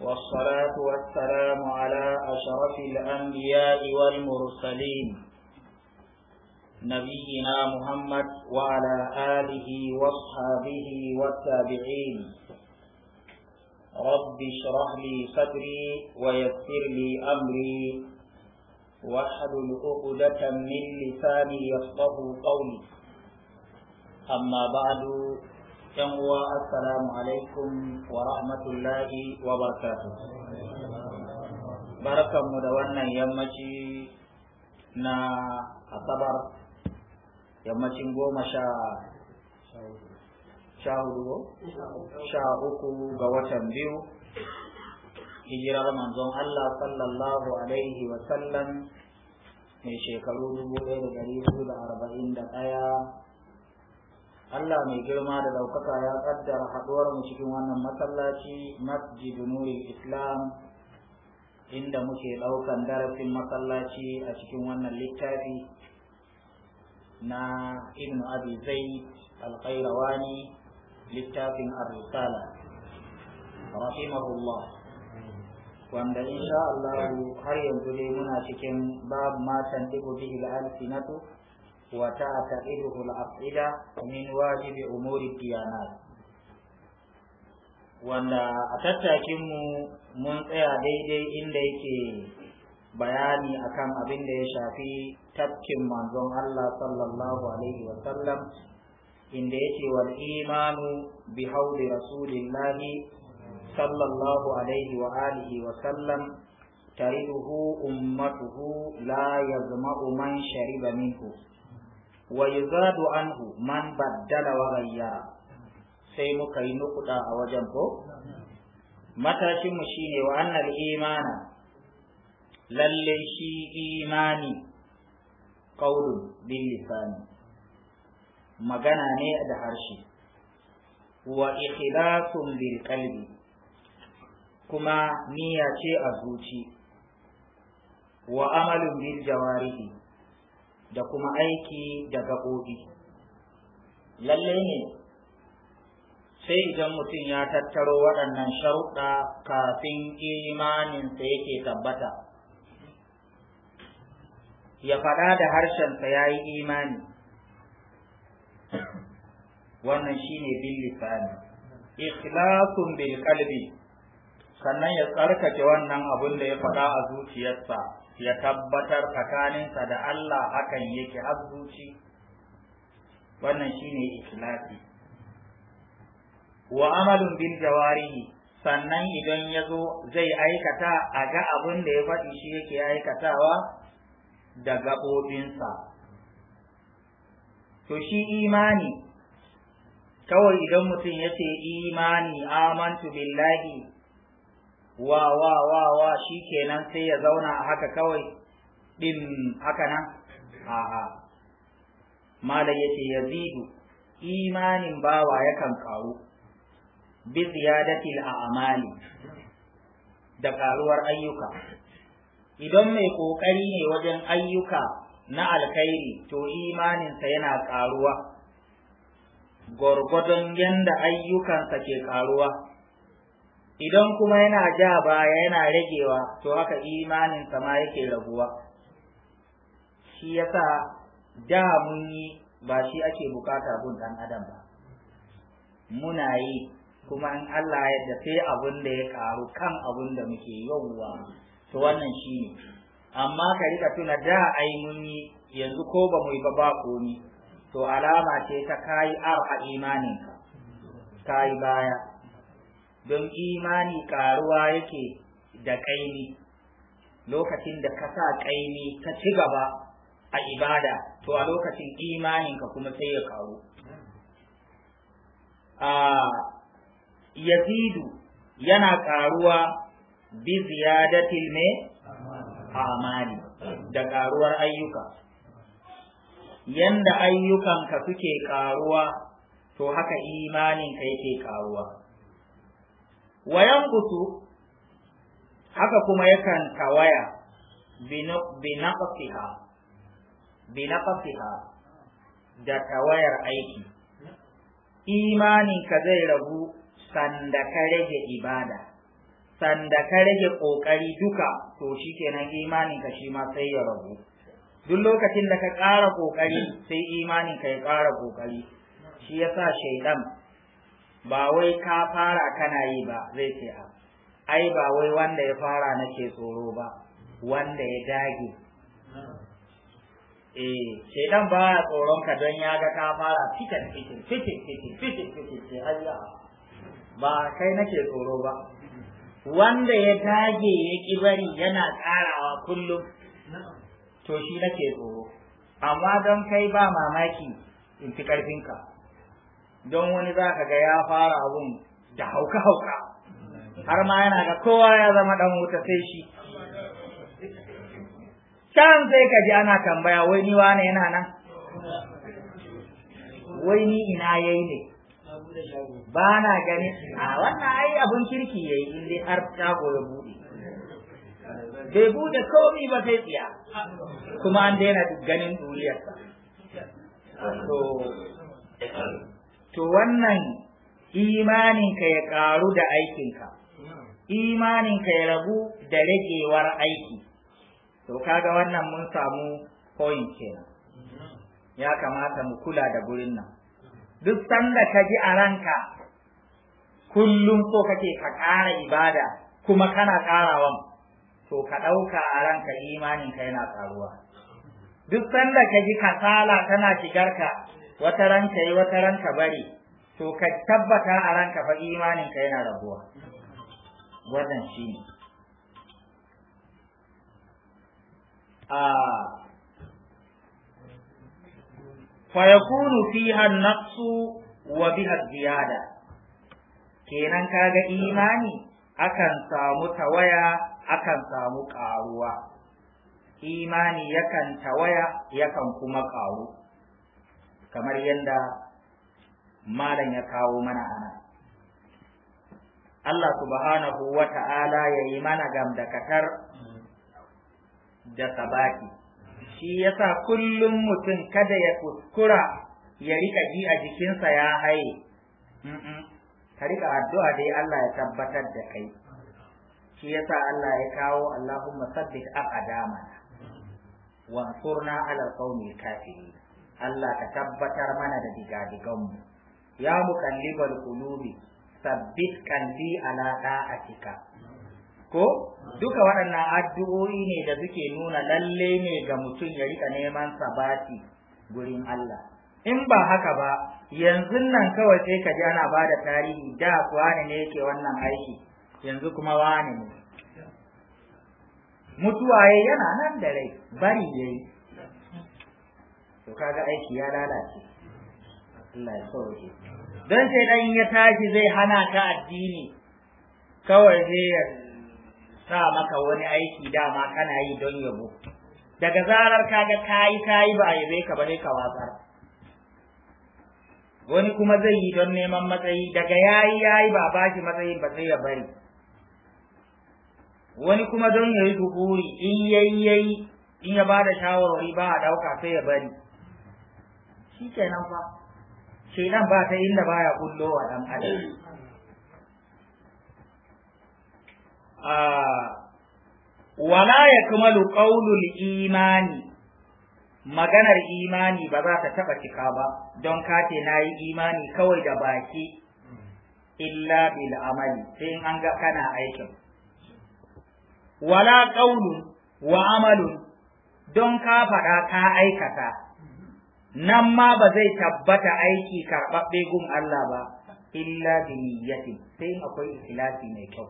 والصلاة والسلام على أشرف الأنبياء والمرسلين نبينا محمد وعلى آله وصحابه والتابعين رب اشرح لي صدري ويسر لي أمري واحد الأقدة من لساني يفقه قولي أما بعد yan uwa assalamu alaikum wa rahmatullahi wa barakatuh barkanmu da wannan yammaci na asabar yammacin goma sha sha hudu sha uku ga watan biyu hijirar manzon Allah sallallahu alaihi wa sallam mai shekaru dubu ɗaya da ɗari da arba'in da ɗaya Allah mai girma da ɗaukaka ya ƙaddara haɗuwar mu cikin wannan masallaci Masjid nuril islam inda muke ɗaukan darasin masallaci a cikin wannan littafi na ibn abi zaid alƙairawani littafin ar-risala rahimahullah wanda insha Allah har yanzu dai muna cikin babu matan dubu bihi al-sinatu وتعتقده الأفعدة من wajibi أمور الديانات wanda a tattakinmu mun tsaya daidai inda yake bayani akan abin da ya shafi tafkin manzon Allah sallallahu alaihi wasallam inda yake wal imanu bi haudi rasulillahi sallallahu alaihi wa alihi wa sallam tarihu ummatuhu la yazma'u man shariba minhu wa yuzadu anhu man baddala wa sai muka yi nukuda a wajen ko Matashinmu mu shine wa annal imana lalle shi imani qaulun bil lisani magana ne da harshe wa ikhlasun bil qalbi kuma niyya ce a zuci wa amalin bil jawarihi da kuma aiki da gaɓoɓi lalle ne sai idan mutum ya tattaro waɗannan sharuɗa kafin imaninsa yake tabbata ya faɗa da harshensa ya yi imani wannan shine bil lisani ikhlasun bil qalbi sannan ya tsarkake wannan abin da ya faɗa a zuciyarsa ya tabbatar tsakaninsa da Allah hakan yake har zuci wannan shine ikhlasi wa amalun bil jawarihi sannan idan ya zo zai aikata a ga abin da ya faɗi shi yake aikatawa da gaɓoɓinsa to shi imani kawai idan mutum ya ce imani amantu billahi wa wa wa wa shi kenan sai ya zauna a haka kawai din haka nan a'a mala yake yazidu imanin bawa yakan karu bi ziyadati al'amali da karuwar ayyuka idan mai kokari ne wajen ayyuka na alkhairi to imaninsa yana karuwa gwargwadon yanda ayyukansa ke karuwa idan kuma yana ja baya yana ragewa to haka imanin imaninsa ma yake raguwa shi yasa da mun yi ba shi ake bukata gun dan adam ba muna yi kuma in Allah ya yarda sai abin da ya karu kan abin da muke yawwa to wannan shi ne amma ka rika tuna da ai mun yi yanzu ko ba mu yi ba ba komi to alama ce ta kayi ar a ka kai baya don imani karuwa yake da kaimi lokacin da ka sa kaimi ka ci gaba a ibada to a lokacin imaninka kuma sai ya karu a yazidu yana karuwa bi ziyadatil me amani da karuwar ayyuka yanda ayyukanka suke karuwa to haka imaninka yake karuwa wayan butu haka kuma yakan tawaya binaqsiha binaqsiha da tawayar aiki imaninka zai rabu sanda ka rage ibada sanda ka rage kokari duka to shikenan imaninka shi ma sai ya rabu duk lokacin da ka ƙara kokari sai ka ya ƙara kokari shi yasa shaidan ba wai ka fara kana yi ba zai ce a ai ba wai wanda ya fara nake tsoro ba wanda ya dage eh dan ba ya tsoron ka don ya ga ka fara fitin fitin fitin fitin fitin fitin ce hayya ba kai nake tsoro ba wanda ya dage ya ki bari yana karawa kullum to shi nake tsoro amma don kai ba mamaki in fi karfinka don wani za ka ga ya fara abun da hauka-hauka har ma yana ga kowa ya zama dan wuta sai shi can sai ka ji ana tambaya wai ni wane yana nan wai ni ina yayi ne ba na gani a wannan ai abun kirki yayi in dai har shago ya bude bai bude komi ba sai tsiya kuma an daina ganin duniyarsa to to wannan imaninka ya ƙaru da aikinka imaninka ya rabu da ragewar aiki to kaga wannan mun samu point kenan ya kamata mu kula da gurin nan duk sanda ka ji a ranka kullum so kake ka ƙara ibada kuma kana ƙarawan to ka ɗauka a ranka imaninka yana ƙaruwa duk sanda ka ji kasala tana shigarka wata ranka yi, wata ranka bari to ka tabbata a ranka fa imanin ka yana rabuwa wannan shi ne a fayakunu fiha naqsu wa biha ziyada kenan kaga imani akan samu tawaya akan samu karuwa imani yakan tawaya yakan kuma karu kamar yadda malam ya kawo mana ana Allah subhanahu wa ta'ala ya yi mana gamdakatar da sabaki shi yasa kullum mutum kada ya kuskura ya rika ji a jikinsa ya haye ka rika addu'a dai Allah ya tabbatar da kai shi yasa Allah ya kawo Allahumma sabbit aqdamana wansurna ala qaumil kafirin Allah ka tabbatar mana da digadiganmu ya muqallibal qulubi sabbit qalbi ala cika. ko duka waɗannan addu'o'i ne da suke nuna lalle ne ga mutum ya rika neman sabati gurin Allah in ba haka ba yanzu nan kawai sai ka ji ana ba tarihi da wani ne yake wannan aiki yanzu kuma wani ne mutuwa yana nan da rai bari yayi to kaga aiki ya lalace Allah ya sauke dan sai dan ya tashi zai hana ka addini kawai zai ya sa maka wani aiki dama kana yi don yabo daga zarar kaga kai kai ba yabe ka bane ka wasa? wani kuma zai yi don neman matsayi daga yayi yayi ba shi matsayin ba sai ya bari wani kuma don ya yi in yayi yayi in ya ba da shawarwari ba a ɗauka sai ya bari shikenan ba shedan ba ta inda baya kullo wa dan adam ah, wala ya kamalu qaulul imani maganar imani ba za ta taba cika ba don kace nayi imani kawai da baki illa bil amali sai in an ga kana aikin wala qaulun wa amalun don ka faɗa ka aikata nan ma ba zai tabbata aiki karɓaɓɓe gun Allah ba illa bi niyyati sai akwai ikhlasi mai kyau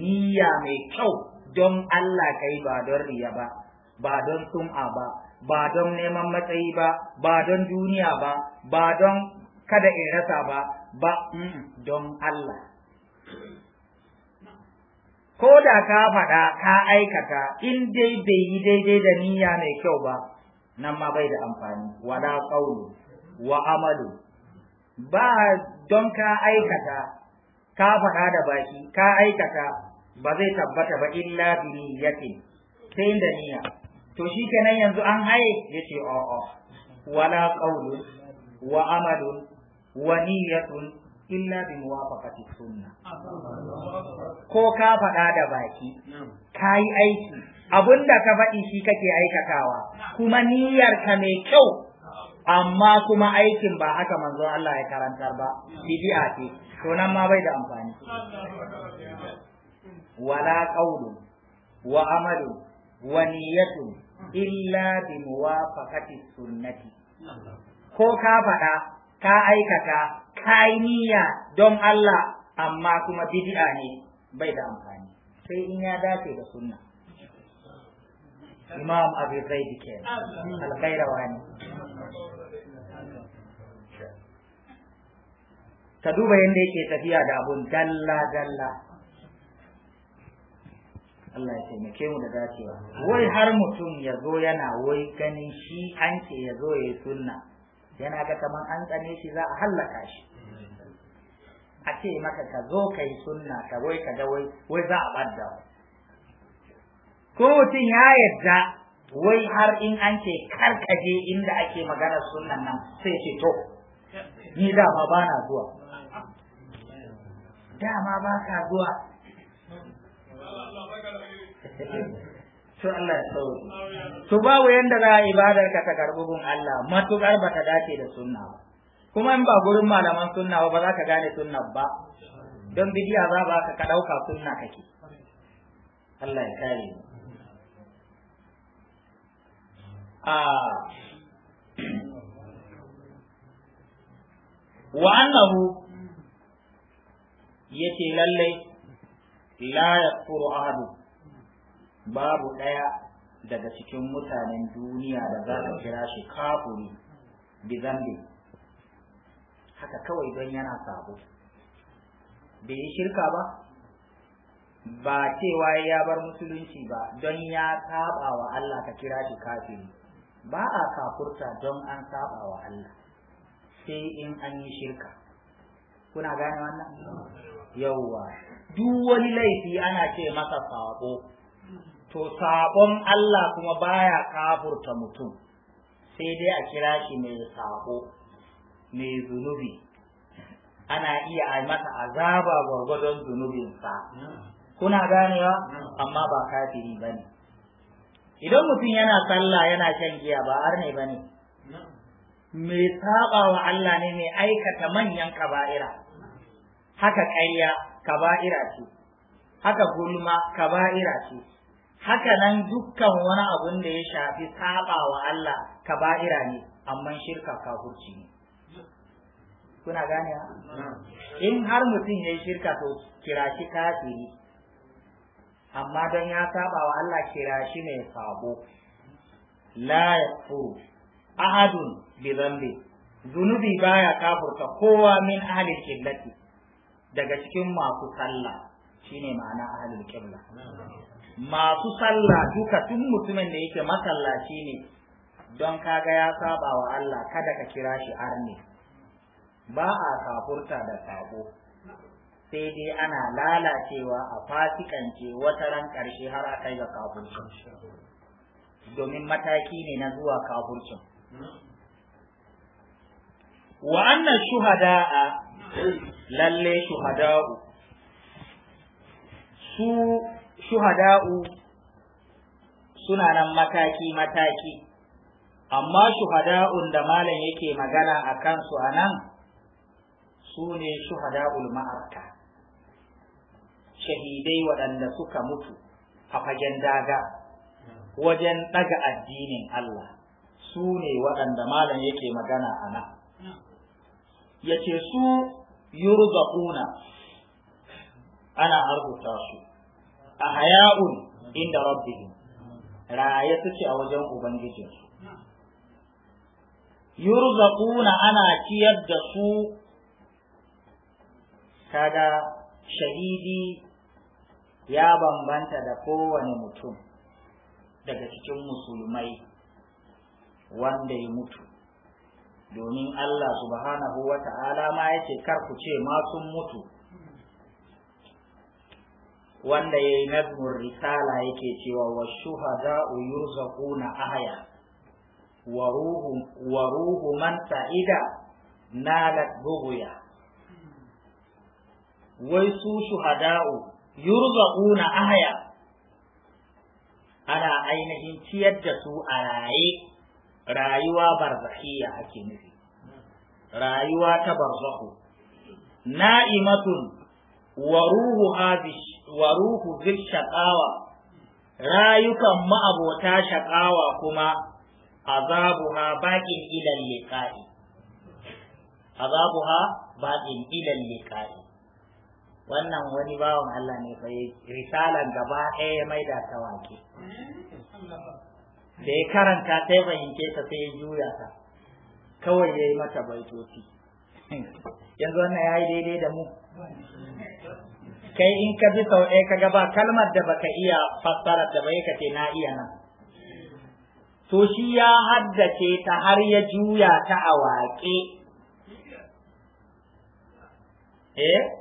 niyya mai kyau don Allah kai ba don riya ba ba don sum'a ba ba don neman matsayi ba ba don duniya ba ba don kada in rasa ba ba don Allah ko da ka faɗa ka aikata in dai bai yi daidai da niyya mai kyau ba nan ma bai da amfani wala qawlu wa amalu ba don ka aikata ka faɗa da baki ka aikata ba zai tabbata ba illa bi niyyati sai da niyya to shikenan yanzu an haye yace a'a wala qawlu wa amalu wa niyyatun illa bi muwafaqati sunna ko ka faɗa da baki kai aiki abinda ka faɗi shi kake aikatawa kuma niyyar ka mai kyau amma kuma aikin ba haka manzo Allah ya karantar ba bid'a ce to nan ma bai da amfani wala qawlu wa amalu wa niyyatu illa bi muwafaqati sunnati ko ka faɗa ka aikata kainiya don Allah amma kuma bid'a ne bai da amfani sai in ya dace da sunna imam abu zaidi ke alkhairawa ne ka duba yadda yake tafiya da abun dalla dalla Allah ya taimake mu da dacewa wai har mutum ya zo yana wai ganin shi an ce ya zo ya yi sunna yana ga kamar an tsane shi za a hallaka shi a ce maka ka zo ka yi sunna ka wai ka ga wai wai za a ɓadda ko mutum ya yadda wai har in an ce kar ka je inda ake maganar sunnan nan sai ce to ni dama ba na zuwa dama ba ka zuwa to Allah ya tsawo to babu yanda za a ibadar ka ta karbi Allah matukar ba ta dace da sunna ba kuma in ba gurin malaman sunna ba ba za ka gane sunna ba don bidiya za ba ka ɗauka sunna kake Allah ya kare mu a wa annahu yace lallai la yakfuru ahadu babu ɗaya daga cikin mutanen duniya da za ka kira shi kafuri bi zambi haka kawai don yana sabo bai yi shirka ba ba cewa ya bar musulunci ba don ya saba wa Allah ka kira shi kafiri ba a kafurta don an saba wa Allah sai in an yi shirka kuna gane wannan yawwa duk wani laifi ana ce masa sabo to sabon Allah kuma baya kafurta mutum sai dai a kira shi mai sabo mai zunubi ana iya a masa azaba gwargwadon zunubinsa kuna ganewa amma ba kafiri ba ne idan mutum yana sallah yana shan giya ba har ne ba ne mai saba wa Allah ne mai aikata manyan kaba'ira haka ƙarya kaba'ira ce haka gulma kaba'ira ce haka nan dukkan wani abun da ya shafi saba wa Allah kaba'ira ne amma shirka kafurci ne kuna gane in har mutum ya yi shirka to kira shi kafiri amma don ya saba wa Allah kira shi mai sabo la yakfuru ahadun bi dhanbi zunubi baya kafurta kowa min ahli kiblati daga cikin masu sallah shine ma'ana ahli kibla masu sallah duka tun mutumin da yake masallaci ne don kaga ya saba wa Allah kada ka kira shi arni ba a kafurta da sabo sai dai ana lalacewa a fasikance wata ran ƙarshe har a kai ga kafurcin domin mataki ne na zuwa kafurcin wa annan shuhada'a lalle shuhada'u su shuhada'u suna nan mataki-mataki amma shuhada'un da malam yake magana a kansu a nan su ne Shuhada ma'arka shahidai waɗanda suka mutu a fagen daga wajen ɗaga addinin Allah su ne waɗanda malam yake magana a nan ya ce su yurzaquna ana arzuta su a haya'un inda rabbihim raye suke a wajen ubangijinsu yurzaquna ana ciyar da su kaga shahidi ya bambanta da kowane mutum daga cikin musulmai wanda ya mutu domin Allah subhanahu wa ta'ala ma ya ce ku ce ma mutu wanda ya yi nazmur risala yake cewa wa shuhada yurzaquna ahaya wa ruhu man ta’ida nalat dubuya. wai su shuhada'u yurzaquna ahya ana ainihin ciyar da su a raye rayuwa barzakhiyya ake nufi rayuwa ta barzakhu na'imatun wa ruhu wa ruhu zil shaqawa rayukan ma'abota shaqawa kuma azabuha baqin ila liqa'i azabuha baqin ila liqa'i wannan wani bawan Allah ne fa risalan gaba ɗaya ya maida ta wake da ya karanta ta ya fahimce ta sai ya juya ta kawai ya yi mata baitoci yanzu wannan ya yi daidai da mu kai in ka bi sau ɗaya ka gaba kalmar da baka iya fassara da bai ka ce na iya nan to shi ya haddace ta har ya juya ta a waƙe eh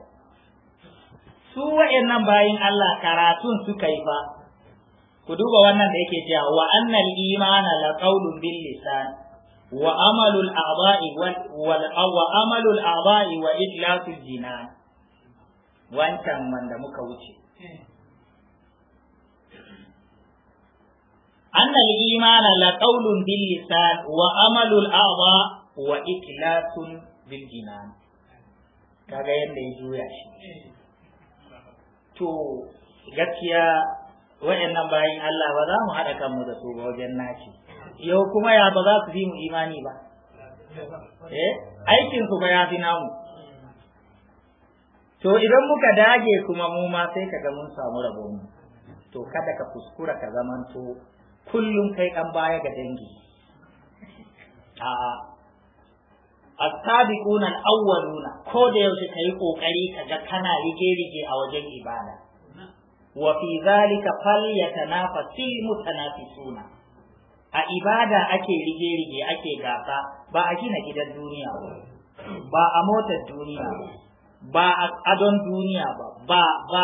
su wa'annan bayin Allah karatun suka yi fa ku duba wannan da yake cewa wa annal imana la qawlun bil lisan wa amalul a'dha'i wal wa amalul a'dha'i wa idlatul jinan wancan man da muka wuce annal imana la qawlun bil lisan wa amalul a'dha wa idlatul bil jinan kaga yadda ya juya shi to gaskiya wayannan bayan Allah ba za mu haɗa kanmu da su ba wajen naci yau kuma ya ba za su fi mu imani ba eh, aikin su ba ya fi namu to idan muka dage kuma mu ma sai ka ga mun samu rabon mu to kada ka kuskura ka zamanto kullum kai ɗan baya ga dangi a asabiquna sabiquna al-awwaluna ko da yaushe kai kokari kaga kana rige rige a wajen ibada wa fi zalika falyatanafasil mutanafisuna a ibada ake rige rige ake gasa ba a gina gidan duniya ba ba a motar duniya ba a adon duniya ba ba ba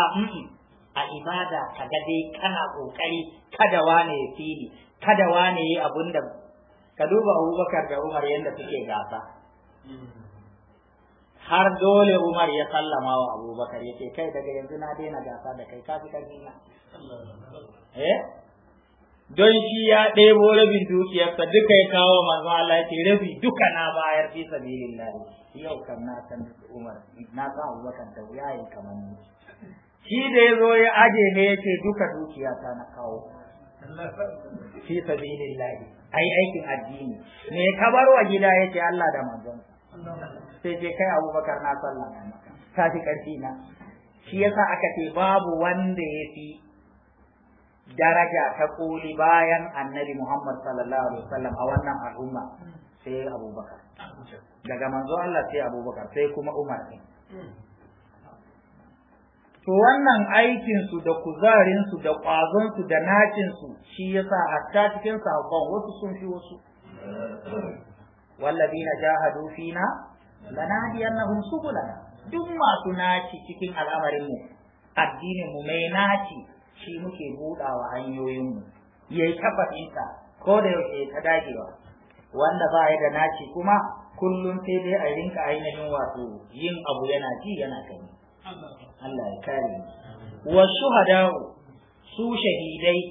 a ibada kaga dai kana kokari kada wane fili kada wane yi abun ka duba abubakar da umar yadda suke gasa har dole Umar ya sallama wa Abubakar ya ce kai daga yanzu na daina gasa da kai kafi karfi na eh don shi ya ɗebo rabin dukiyarsa duka ya kawo manzo Allah ya rabi duka na bayar fi lari yau kan na san Umar na san Abubakar da wuya yi kamar ni shi da ya zo ya aje ne ya ce duka dukiyata na kawo fi sabilillah ai aikin addini me ka bar wa gida ya ce Allah da manzon sai je kai abubakar na sallah ta fi ƙarfi na shi yasa aka ce babu wanda ya fi daraja ta koli bayan annabi muhammad sallallahu alaihi wasallam a wannan al'umma sai abubakar daga manzo Allah sai abubakar sai kuma umar ne to wannan aikinsu da kuzarinsu da su da nacinsu shi yasa a cikin sahabban wasu sun fi wasu wallazina jahadu fina lanadiyannahum subulana duk masu naci cikin al'amarin mu addinin mu mai naci shi muke buɗawa hanyoyin mu yayi tabbatinsa ko da yake ta dagewa wanda ba ya da naci kuma kullum sai dai a rinka ainihin wato yin abu yana ji yana gani Allah ya kare wa shuhada'u su shahidai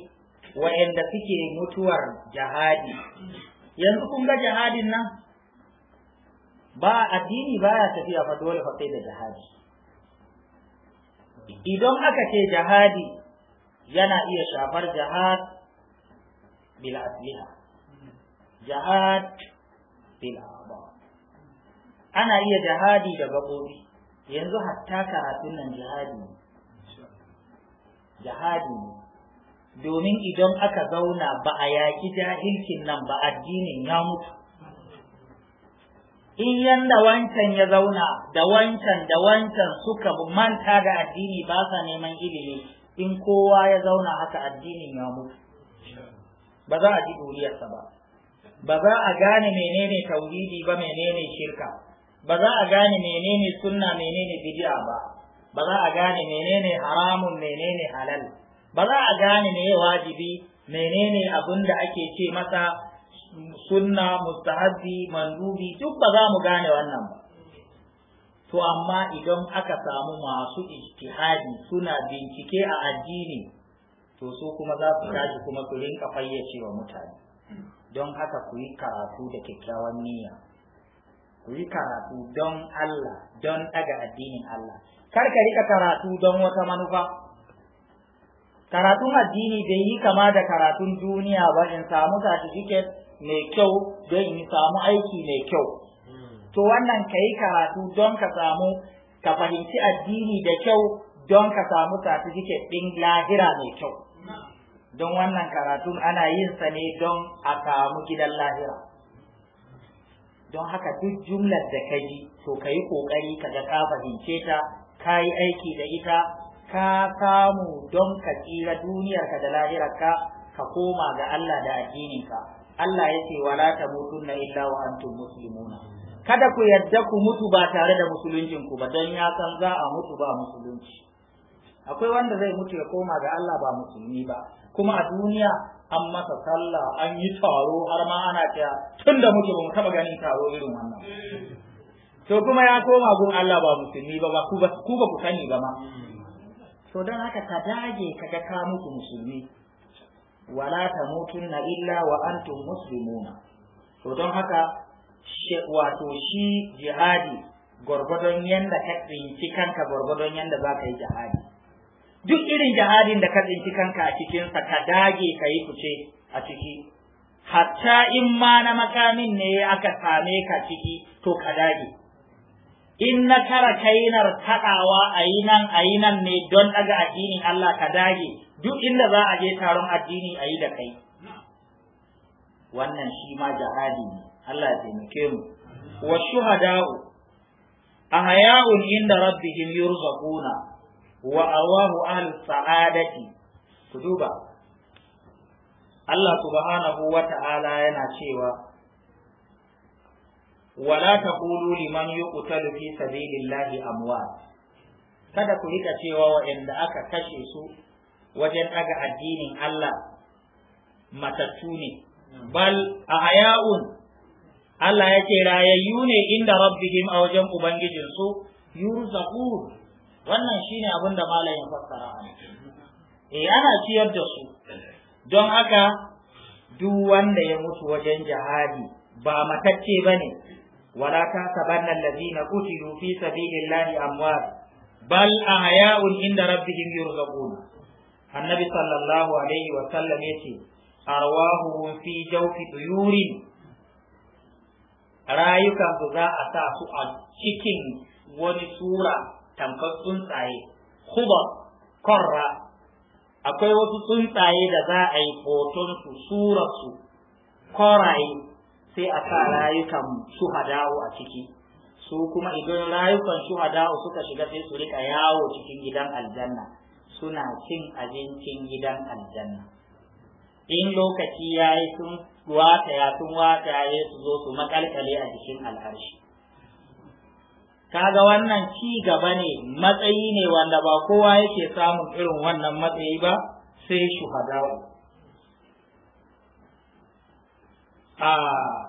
wa'anda suke mutuwar jihadi yanzu kun ga jihadin nan ba addini baya tafiya fa dole fa sai da jihadi idan aka ce jihadi yana iya shafar jihad bil asliha jihad bil aba ana iya jihadi da gabobi yanzu hatta karatun nan jihadi ne jihadi ne domin idan aka zauna ba a yaƙi jahilcin nan ba addinin ya mutu in yanda wancan ya zauna da wancan da wancan suka manta da addini ba sa neman ilimi in kowa ya zauna haka addinin ya mutu ba za a ji ɗuriyarsa ba ba za a gane menene tauhidi ba menene shirka ba za a gane menene sunna menene bid'a ba ba za a gane menene haramun menene halal ba za a gane me wajibi menene abin da ake ce masa sunna mustahabbi mandubi duk ba za mu gane wannan ba to amma idan aka samu masu ijtihadi suna bincike a addini to su kuma za su tashi kuma su rinka fayyace wa mutane don haka ku yi karatu da kyakkyawan niyya ku yi karatu don Allah don daga addinin Allah kar ka rika karatu don wata manufa karatun addini bai yi kama da karatun duniya ba in samu certificate mai kyau don in samu aiki mai kyau to wannan ka yi karatu don ka samu ka fahimci addini da kyau don ka samu certificate ɗin lahira mai kyau don wannan karatun ana yin sa ne don a samu gidan lahira. don haka duk jumlar da ka ji to ka yi ƙoƙari ka ga ka fahimce ta ka yi aiki da ita ka samu don ka tsira duniyarka da lahirarka ka koma ga Allah da ka Allah ya ce wala na illa wa antum muslimuna kada ku yadda ku mutu ba tare da musuluncin ku ba don ya san za a mutu ba musulunci akwai wanda zai mutu ya koma ga Allah ba musulmi ba kuma a duniya an masa sallah an yi taro har ma ana cewa tun da muke ba mu taba ganin taro irin wannan to kuma ya koma gun Allah ba musulmi ba ku ba ku sani ba ma to don haka ka dage ka ga ka mutu musulmi wala ta na illa wa antum muslimuna to don haka wato shi jihadi gwargwadon yanda ka tsinci kanka gwargwadon yanda za ka yi jihadi duk irin jihadin da ka tsinci kanka a cikinsa ka dage ka yi fice a ciki hatta in ma na makamin ne aka same ka ciki to ka dage in na kara kainar taɗawa a yi nan a yi nan ne don ɗaga addinin Allah ka dage duk inda za a je taron addini a yi da kai wannan shi ma jihadi ne Allah ya taimake mu wa shuhada'u ahya'un inda rabbihim yurzaquna wa awahu ahli sa'adati ku duba Allah subhanahu wa ta'ala yana cewa wala taqulu liman yuqtalu fi sabilillahi amwat kada ku rika cewa waɗanda aka kashe su wajen daga addinin Allah matattu ne bal a haya'un Allah ya ce rayayyu ne inda rabbihim a wajen ubangijinsu yurzaqu wannan shine abin da malam ya fassara eh ana ciyar da su don haka duk wanda ya mutu wajen jihadi ba matacce bane wala tasabanna allazina qutilu fi sabilillahi amwat bal ahya'un inda rabbihim yurzaqun annabi sallallahu alaihi wa sallam yace arwahuhum fi jawfi tuyurin rayukan su za a sa su a cikin wani sura tamkar tsuntsaye kuba korra akwai wasu tsuntsaye da za a yi hotonsu surarsu koraye sai a sa rayukan hadawo a ciki su kuma idan rayukan su hadawo suka shiga sai su rika yawo cikin gidan aljanna suna cin abincin gidan aljanna in lokaci ya yi sun wataya sun yi su zo su makalkale a jikin al'arshi kaga wannan ci gaba ne matsayi ne wanda ba kowa yake samun irin wannan matsayi ba sai shuhadawa. a ah,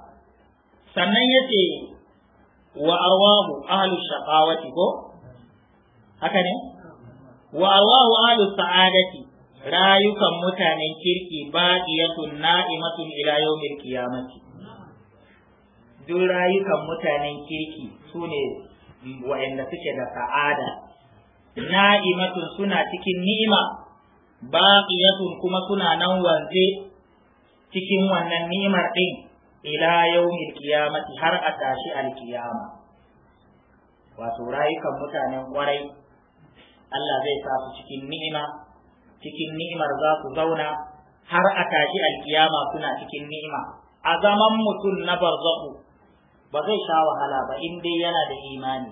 sannan ya ce wa arwahu ahlu shaqawati ko haka ne wa arwahu ahlu sa'adati rayukan mutanen kirki baqiyatun na'imatun ila yawmil qiyamati duk rayukan mutanen kirki sune wa'anda suke da sa'ada na'imatun suna cikin ni'ima baqiyatun kuma suna nan wanzu cikin wannan ni'imar din ila yawmil qiyamati har a tashi alkiyama wato rayukan mutanen kwarai Allah zai sa su cikin ni'ima cikin ni'imar za su zauna har a tashi alkiyama suna cikin ni'ima a zaman mutum na barzahu ba zai sha wahala ba in dai yana da imani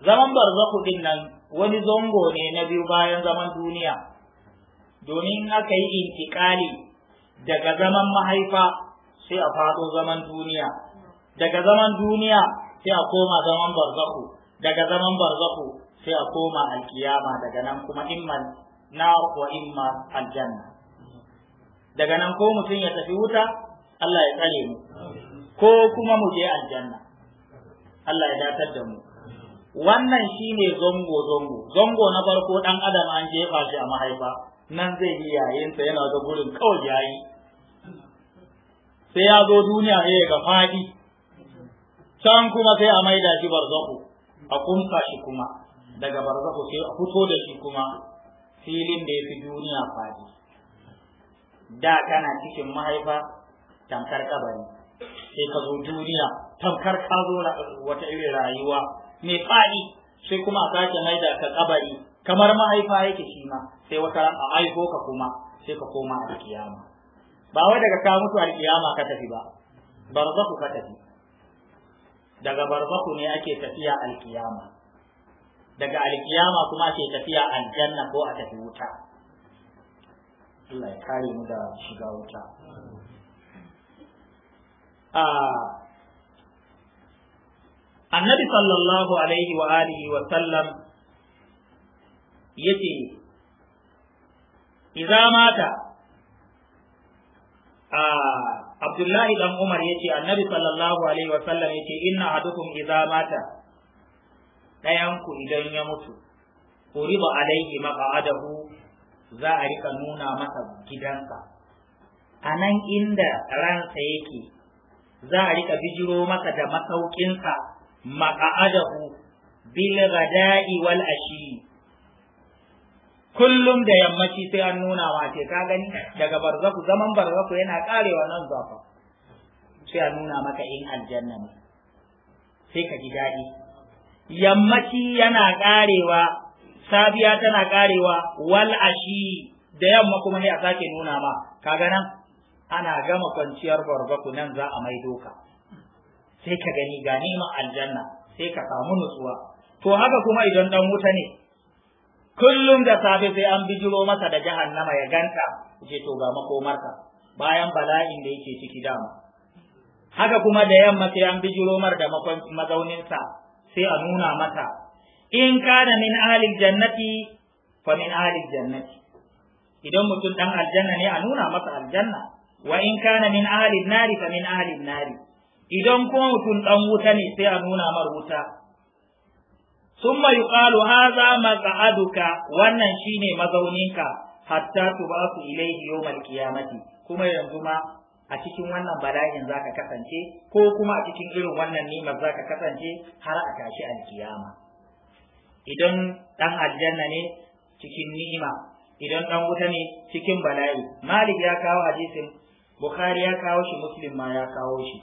zaman barzahu din nan wani zongo ne na biyu bayan zaman duniya domin aka yi intikali daga zaman mahaifa sai a fado zaman duniya daga zaman duniya sai a koma zaman barzaku daga zaman barzaku sai a koma alkiyama daga nan kuma Imman nar wa imma aljanna daga nan ko mutum ya tafi wuta Allah ya tsare mu ko kuma mu je aljanna Allah ya datar da mu wannan shine zongo zongo zongo na farko dan adam an jefa shi a mahaifa nan zai yi yayin sa yana ga gurin kawai yayi sai ya zo duniya sai ga fadi, can kuma sai a maida shi barzaku a kumsa shi kuma daga barzaku sai a fito da shi kuma filin da ya fi duniya fadi. da kana cikin mahaifa tamkar kabari sai ka zo duniya tamkar ka zo wata irin rayuwa mai fadi. sai kuma a sake maida ka kabari kamar mahaifa yake shi ma sai wata a aiko ka kuma sai ka koma a kiyama ba wai daga ka mutu alkiyama ka tafi ba barzaku ka tafi daga barzaku ne ake tafiya alkiyama daga alkiyama kuma ake tafiya aljanna ko a tafi wuta Allah ya kare mu da shiga wuta a ah, annabi sallallahu alaihi wa alihi wa sallam yace idza mata Ah, Abdullahi dan Umar yace Annabi sallallahu alaihi wasallam yace inna ahadukum idza mata dayan idan ya mutu uriba alaihi maq'adahu za a rika nuna masa gidansa a nan inda ransa yake za a rika bijiro masa da masaukinsa adahu. bil ghada'i wal kullum da yammaci sai an nuna wa ce ka gani daga barzaku zaman barzaku yana karewa nan zafa sai an nuna maka in aljanna ne sai ka ji daɗi yammaci yana karewa safiya tana karewa wal ashi da yamma kuma ne a sake nuna ma kaga nan ana gama kwanciyar barzaku nan za a maido ka sai ka gani ga ni ma aljanna sai ka samu nutsuwa to haka kuma idan dan wuta ne kullum da safe sai an bijiro masa da jahannama ya ganta ce to ga makomarka bayan bala'in da yake ciki dama haka kuma da yamma sai an bijiro mar da mazauninsa sai a nuna mata in kana min ahlil jannati fa min ahlil jannati idan mutum dan aljanna ne a nuna masa aljanna wa in kana min ahlil nari fa min ahlil nari idan kuma mutum dan wuta ne sai a nuna mar wuta summa yuqalu hadha maz'aduka wannan shine mazauninka hatta tubasu ilayhi yawmal qiyamati kuma yanzu ma a cikin wannan bala'in zaka kasance ko kuma a cikin irin wannan nima zaka kasance har a tashi alkiyama idan dan aljanna ne cikin ni'ima idan dan wuta ne cikin bala'i malik ya kawo hadisin bukhari ya kawo shi muslim ma ya kawo shi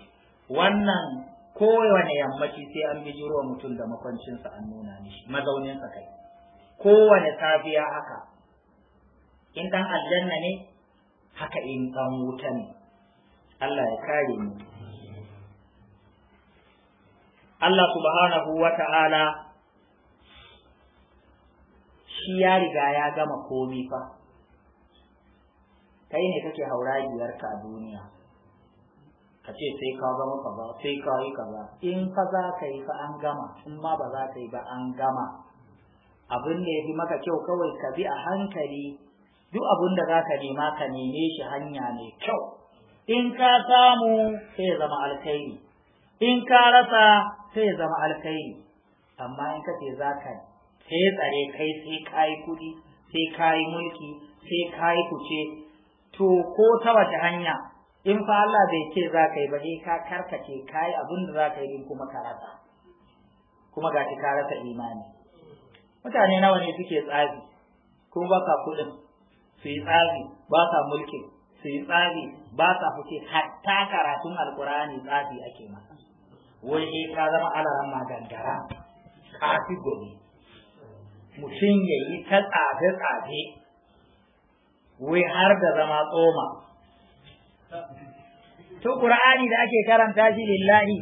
wannan kowane yammaci sai an bijiro mutum da makwancinsa an nuna mishi mazauninsa kai kowane safiya haka in dan aljanna ne haka in dan wuta ne Allah ya kare mu Allah subhanahu wa ta'ala shi ya riga ya gama komi fa kai ne kake hauragiyarka a duniya ka ce sai ka zama kaza sai ka yi kaza in ka za ka yi fa an gama in ma ba za ka yi ba an gama abin da ya fi maka kyau kawai ka bi a hankali duk abin da za ka nema ka neme shi hanya ne kyau in ka samu sai zama alkhairi in ka rasa sai zama alkhairi amma in ka ce za ka sai tsare kai sai ka yi kuɗi sai ka yi mulki sai ka yi kuce to ko ta wace hanya in fa Allah bai ce za ka yi ba ka karkace ka yi abin da za ka yi kuma ka rasa kuma ga ka rasa imani mutane nawa ne suke tsari kuma ba ka kuɗin su yi tsari ba ka mulkin su yi tsari ba ka fice hatta karatun alkurani tsari ake masa wai eh ka zama alaran magangara ka fi gobe mutum ya yi ta tsafe-tsafe wai har da zama tsoma to qur'ani da ake karanta shi lillahi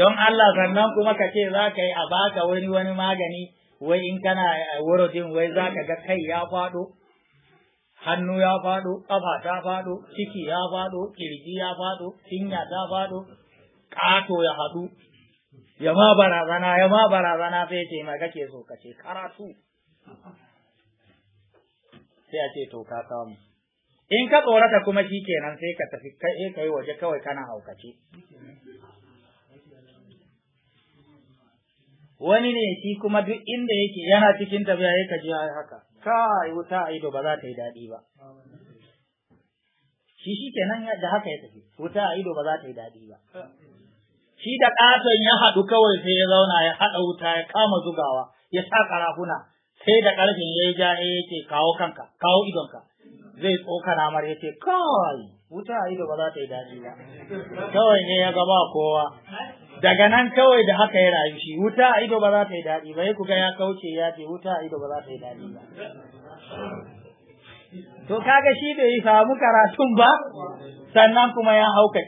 don Allah sannan kuma ka ce za ka yi a baka wani wani magani wai in kana wurin wai za ka ga kai ya faɗo hannu ya faɗo ƙafa ta faɗo ciki ya faɗo kirji ya faɗo cinya ta faɗo ƙato ya haɗu ya ma barazana ya ma barazana sai ce ma kake so kace karatu sai a ce to ka samu in ka tsorata kuma shi kenan sai ka tafi kai eh, kai waje kawai kana haukace wani ne shi kuma duk inda yake yana cikin tafiya ya kaji haka kai wuta a ido ba za ta yi daɗi ba shi shi kenan da haka ya tafi wuta a ido ba za ta yi daɗi ba shi da ƙaton ya haɗu kawai sai ya zauna ya haɗa wuta ya kama zugawa ya sa ƙarafuna sai da ƙarfin ya yi ja eh, ya ce kawo kanka kawo idonka zai tsoka mar ya ce kawai wuta a ido ba za ta yi daji ba kawai ne ya gaba kowa daga nan kawai da haka ya rayu shi wuta a ido ba za ta yi daji ba ya kuka ya kauce ya ce wuta a ido ba za ta yi daji ba to kaga shi bai samu karatun ba sannan kuma ya ke,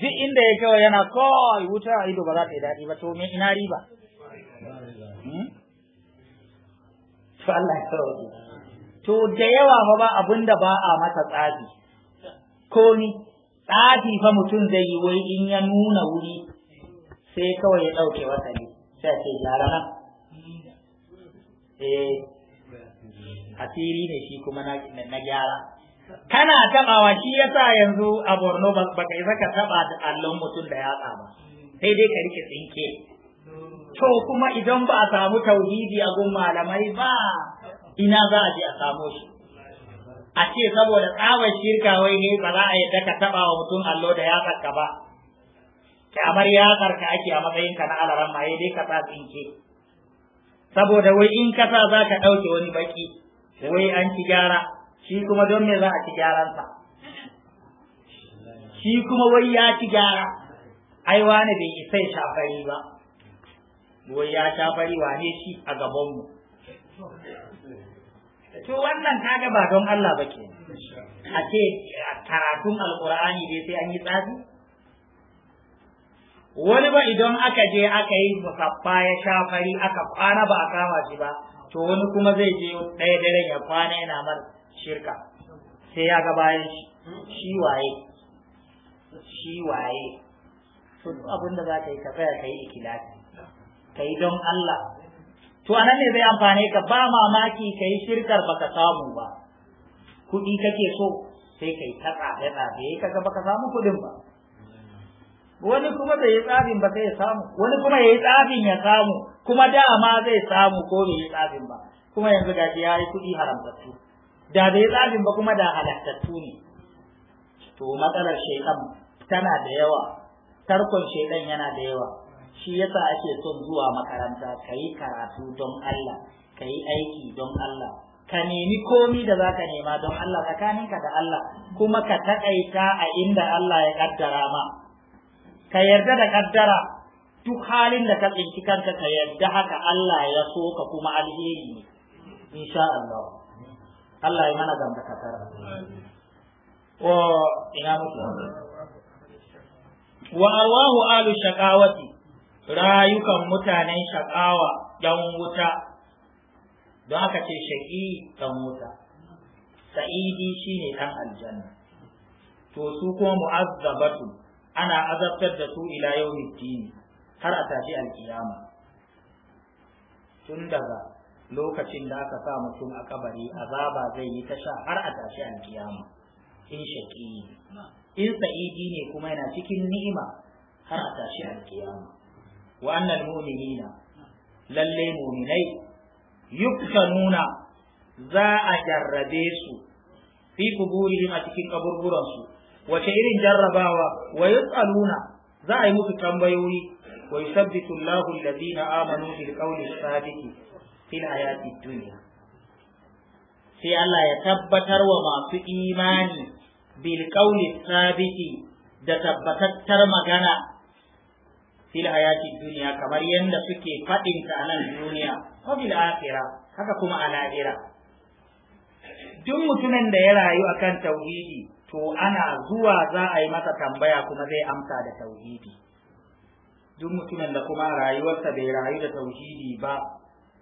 duk inda ya kawai yana kawai wuta a ido ba za ta yi daji ba to me ina riba hmm? to Allah ya to da yawa fa ba abin da ba a masa tsafi komi tsafi fa mutum zai yi wai in ya nuna wuri sai kawai ya wata ne sai ce gyara nan eh asiri ne shi kuma na na gyara kana tabawa shi yasa yanzu a Borno ba ka yi zaka taba da allon mutum da ya ba sai dai ka rike tsinke to kuma idan ba a samu tauhidi a gun malamai ba ina za a je a samo shi a ce saboda tsabar shirka wai ne ba za a yi ka taba wa mutum allo da ya tsarka ba kamar yatsar ka ake a matsayin ka na alaran maye dai ka sa tsinke saboda wai in ka sa za ka ɗauke wani baki wai an ci gyara shi kuma don me za a ci gyaran sa? shi kuma wai ya ci gyara ai wani bai isa ya shafari ba wai ya shafari wane shi a gabanmu to wannan kaga ba don Allah ba ke a ce karatun alkur'ani dai sai an yi tsafi wani ba idan aka je aka yi musaffa ya sha fari aka kwana ba a kama shi ba to wani kuma zai je ɗaya daren ya kwana yana mar shirka sai ya ga bayan shi waye shi waye to abin za ka yi ka tsaya ka yi ka yi don Allah to anan ne zai amfane ka ba mamaki ka yi shirkar baka samu ba kuɗi kake so sai ka yi ta tsafe tsafe ka ga baka samu kuɗin ba wani kuma zai yi tsafin ba sai ya samu wani kuma ya yi tsafin ya samu kuma dama zai samu ko bai yi tsafin ba kuma yanzu ga ya yi kuɗi haramtattu da bai yi tsafin ba kuma da halattattu ne to matsalar shaitan tana da yawa tarkon shaitan yana da yawa shi yasa ake son zuwa makaranta ka yi karatu don Allah ka yi aiki don Allah ka nemi komi da zaka nema don Allah tsakaninka da Allah kuma ka taƙaita a inda Allah ya kaddara ma ka yarda da kaddara duk halin da ka tsinci kanka ka yarda haka Allah ya so ka kuma alheri ne insha Allah Allah ya mana gamba tara wa oh, ina mutum wa arwahu alu shaqawati rayukan mutanen shaƙawa ɗan wuta don aka ce shaƙi ɗan wuta sa'idi shine ɗan aljanna to su kuma mu'azzabatu ana azabtar da su ila yawmiddin har a tashi alkiyama tun daga lokacin da aka sa mutum a kabari azaba zai yi ta sha har a tashi alkiyama in shaƙi in sa'idi ne kuma yana cikin ni'ima har a tashi alkiyama Wannan mu'minina lalle mu'minai yuktanuna za a jarrabe su fi kuburihim a cikin kaburburan su wace irin jarrabawa wa yusaluna za a yi musu tambayoyi wa yusabbitu Allahu alladhina amanu bil qawli sabiti fil hayati dunya sai Allah ya tabbatar wa masu imani bil qawli da tabbatattar magana fil hayati duniya kamar yadda suke faɗin ta a nan duniya ko fil akhirah haka kuma a lahira duk mutumin da ya rayu akan tauhidi to ana zuwa za a yi masa tambaya kuma zai amsa da tauhidi duk mutumin da kuma rayuwarsa bai rayu da tauhidi ba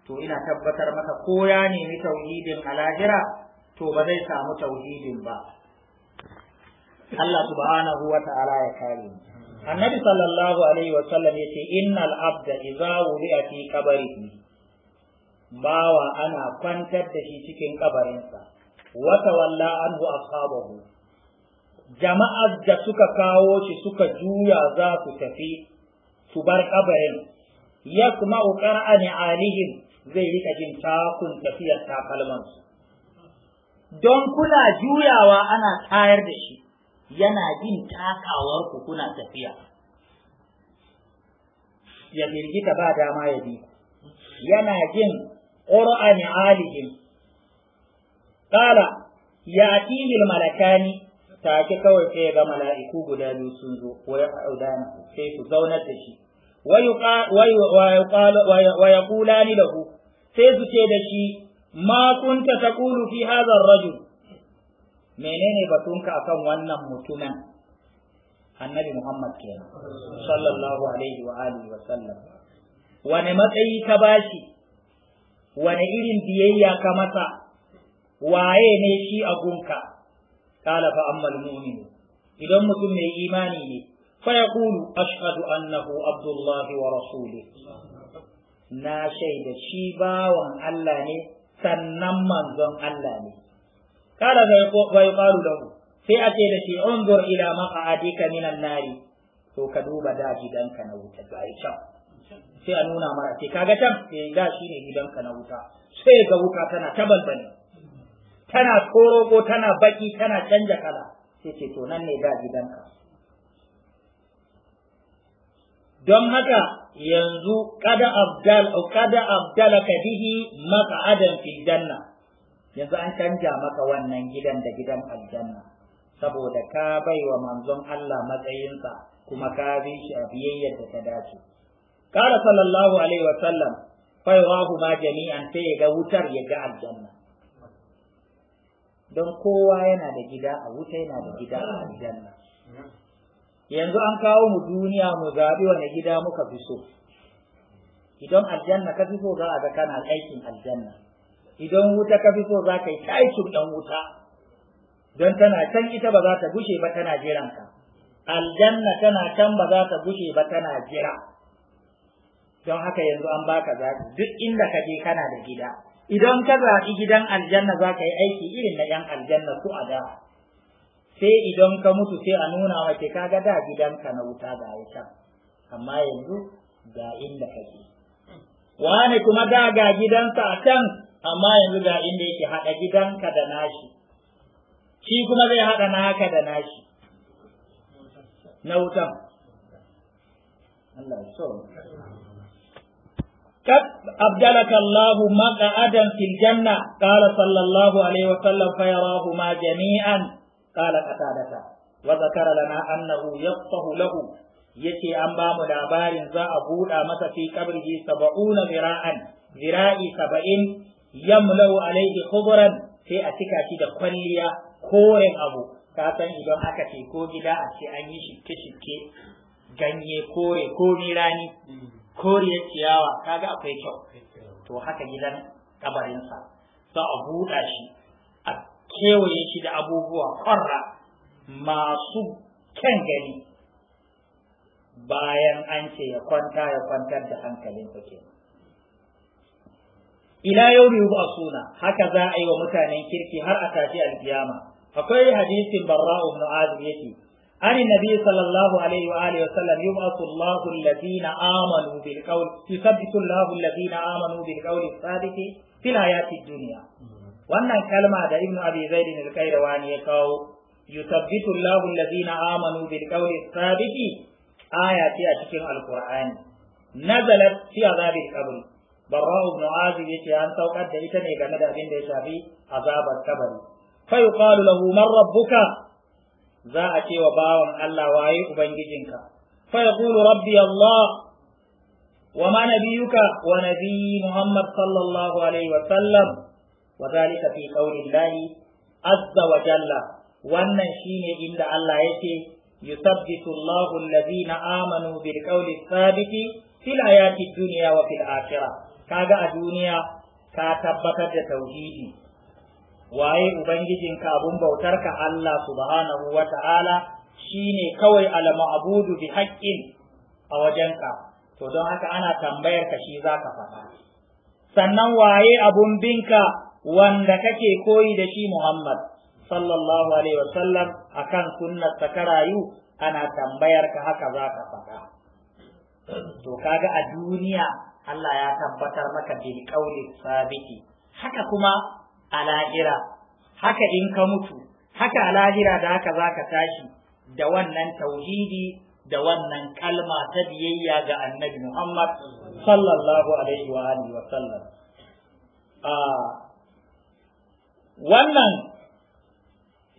to ina tabbatar maka ko ya nemi tauhidin a lahira to ba zai samu tauhidin ba Allah subhanahu wa ta'ala ya kare mu annabi sallallahu alaihi wa sallam yace innal abda idza wudi'a fi qabrihi bawa ana kwantar da shi cikin kabarinsa wa tawalla anhu ashabahu jama'ar da suka kawo shi suka juya za su tafi su bar kabarin yasma'u qira'ani alihim zai rika jin takun tafiyar takalmansu don kuna juyawa ana tayar da shi yana jin takawar ku kuna tafiya ya firgita ba dama ya bi yana jin qur'ani alihim qala ya'tihi malakani Ta ke kawai sai ga mala'iku guda biyu sun zo ko ya da ya'udana sai su zaunar da shi wa yuqalu wa yaqulani lahu sai su ce da shi ma kunta taqulu fi hadha ar-rajul menene batunka akan wannan mutumin annabi muhammad kenan sallallahu alaihi wa alihi wa sallam wane matsayi ka bashi wane irin biyayya ka masa waye ne shi a gunka kala fa ammal mu'minu idan mutum mai imani ne fa yaqulu ashhadu annahu abdullahi wa rasuluhu na shaida shi bawan Allah ne sannan manzon Allah ne kada yi ƙaru da mu sai a ce da shi unzur ila maq'adika minan nari to ka duba da gidanka na wuta yi can sai a nuna mara sai kaga can sai eh, da shi ne gidanka na wuta sai ga wuta tana ta balbale tana koroko tana baki tana canja kala sai ce to nan ne da gidanka don haka yanzu kada abdal kada abdalaka bihi maq'adan fi janna yanzu an canja maka wannan gidan da gidan aljanna saboda ka bai wa manzon Allah matsayinsa kuma ka bi shi a biyayyar da ta dace kala sallallahu alaihi wa sallam ma jami'an sai ya ga wutar ya ga aljanna don kowa yana da gida a wuta yana da gida a aljanna yanzu an kawo mu duniya mu zaɓi wani gida muka fi so idan aljanna ka fi so za a ga kana aikin aljanna idan wuta ka fi so za ka yi taikin ɗan wuta don tana can ita ba za ta gushe ba tana jiranka aljanna tana can ba za ta gushe ba tana jira don haka yanzu an baka zaɓi duk inda ka je kana da gida idan ka zaɓi gidan aljanna za ka yi aiki irin na ‘yan aljanna su a da sai idan ka mutu sai a nuna wa ke kaga da gidanka na wuta ga wuta amma yanzu ga inda kake wani kuma da ga gidansa a can amma yanzu ga inda yake haɗa gidanka da nashi shi kuma zai haɗa naka da nashi na wutan Allah so kat abdalaka maq'adan fil janna qala sallallahu alaihi wa sallam fa yarahu ma jami'an qala qatadata wa zakara lana annahu yaqtahu lahu yace an ba mu labarin za a buɗa masa fi kabrihi 70 zira'an zira'i saba'in yamlau alaihi khubran sai a cika shi da kwalliya koren abu ka san idan aka ce ko gida a ce an yi shike-shike ganye kore ko rani koriyar ciyawa kaga akwai kyau to haka gidan sa za a buɗa shi a kewaye shi da abubuwa ƙwarra masu kyan gani bayan an ce ya kwanta ya kwantar da hankalin hankalinsa kenan ila yau yuba suna haka za a yi wa mutanen kirki har a tashi alkiyama akwai hadisin barra ibn azib yake Anin nabi sallallahu alaihi wa alihi wasallam yub'athu Allahu alladhina amanu bil qawl yusabbitu Allahu alladhina amanu bil qawl fil hayati dunya wannan kalma da ibnu abi zaid al ya kawo yusabbitu Allahu alladhina amanu bil qawl aya ce a cikin alqur'ani nazalat fi azabil qabr barra ibn azib yace an saukar da ita ne game da abin da ya shafi azabar kabari fa yuqalu lahu man rabbuka za a ce wa bawan Allah waye ubangijinka fa yaqulu rabbi Allah wa ma nabiyuka wa nabi Muhammad sallallahu alaihi wa sallam wa zalika fi qawli Allah azza wa jalla wannan shine inda Allah yake يثبت amanu الذين آمنوا بالقول الثابت في الحياة الدنيا وفي الآخرة kaga a duniya ka tabbatar da tauhidi waye ubangijinka abun bautarka Allah subhanahu wata'ala shine kawai al-ma'budu bi haqqin a wajenka to don haka ana tambayar ka shi zaka faɗa sannan waye abun binka wanda kake koyi da shi Muhammad sallallahu alaihi wasallam akan sunnar ta rayu ana tambayar ka haka zaka faɗa to kaga a duniya Allah ya tabbatar maka bil qawli sabiti haka kuma a lahira haka in ka mutu haka a lahira da haka zaka tashi da wannan tauhidi da wannan kalma ta biyayya ga annabi Muhammad sallallahu alaihi wa alihi wa sallam wannan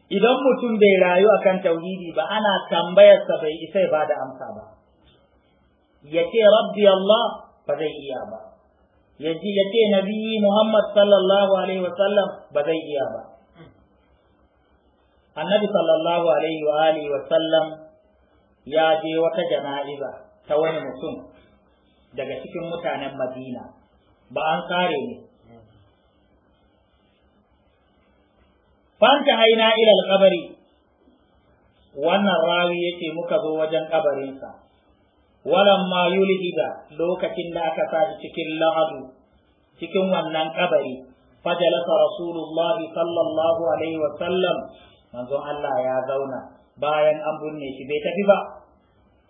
idan mutum bai rayu akan tauhidi ba ana tambayarsa bai isa ba da amsa ba ya ce rabbi Allah ba zai iya ba ya ji ya ce na nabi muhammad sallallahu alaihi wasallam ba zai iya ba annabi sallallahu alaihi wa alihi wasallam ya je wata jana'iza ta wani mutum daga cikin mutanen madina ba an kare ne fanta haina ilal kabari wannan rawi yake muka zo wajen kabarinsa yuli ida lokacin da aka sa cikin lahadu cikin wannan kabari fajalasa rasulullahi sallallahu alaihi wa sallam, manzo Allah ya zauna bayan an binne shi bai tafi ba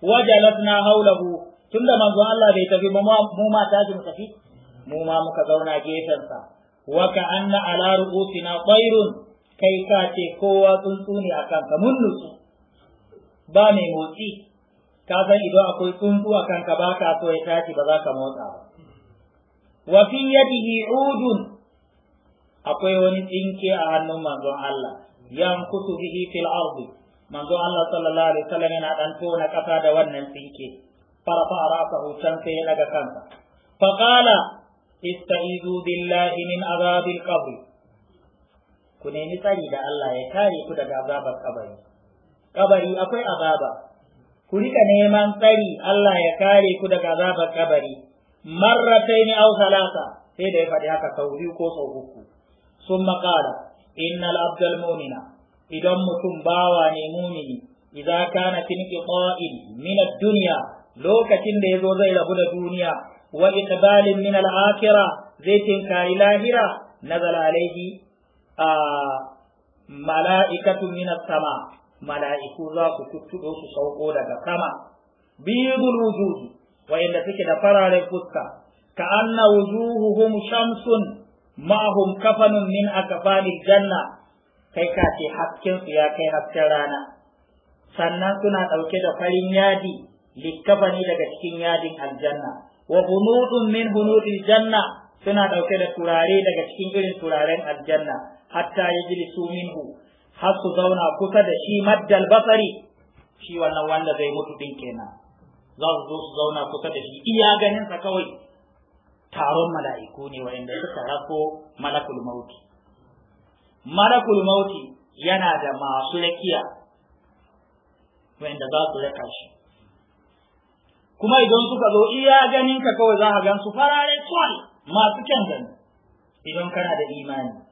wajalasna haulahu tunda manzo Allah bai tafi ba mu ma ta mu tafi mu ma muka zauna sa wa ka anna ala ru'usina tayrun kai ka ce kowa tsuntsu ne akan ka mun nutsu ba mai motsi ka san idan akwai tsuntsu a kanka ba ka so ya tashi ba za ka motsa ba wa fi yadihi udun akwai wani tsinke a hannun manzon Allah kusu bihi fil ardi manzon Allah sallallahu alaihi wasallam yana dan tona kasa da wannan tsinke farfa rasahu can sai ya daga kansa fa qala istaizu billahi min azabil qabr ku nemi tsari da Allah ya kare ku daga azabar kabari kabari akwai azaba ku rika neman tsari Allah ya kare ku daga azabar kabari marrataini aw salasa sai da ya faɗi haka sau biyu ko sau uku sun maƙara innal abdal mu'mina idan mutum bawa ne mumini idza kana fi niqa'in min ad-dunya lokacin da yazo zai rabu da duniya wa iqbalin min al-akhirah zai tinkari lahira nazala alaihi a mala'ikatu min as-sama mala'iku za ku tuttuɗo su sauko daga sama bidul wujuhi wa'inda suke da fararen fuska ka anna wujuhuhum shamsun ma'ahum kafanun min akfanil janna kai ka ce hasken su ya kai hasken rana sannan suna ɗauke da farin yadi likkafani daga cikin yadin aljanna wa hunudun min hunudil janna suna ɗauke da turare daga cikin irin turaren aljanna hatta yajlisu minhu har su zauna kusa da shi maddal basari shi wannan wanda zai mutu din kenan za su zo su zauna kusa da shi iya ganin sa kawai taron mala'iku ne wanda suka rako malakul mauti malakul mauti yana da masu rakiya wanda za su raka shi kuma idan suka zo iya ganin ka kawai za ka gan su farare masu kyan gani idan kana da imani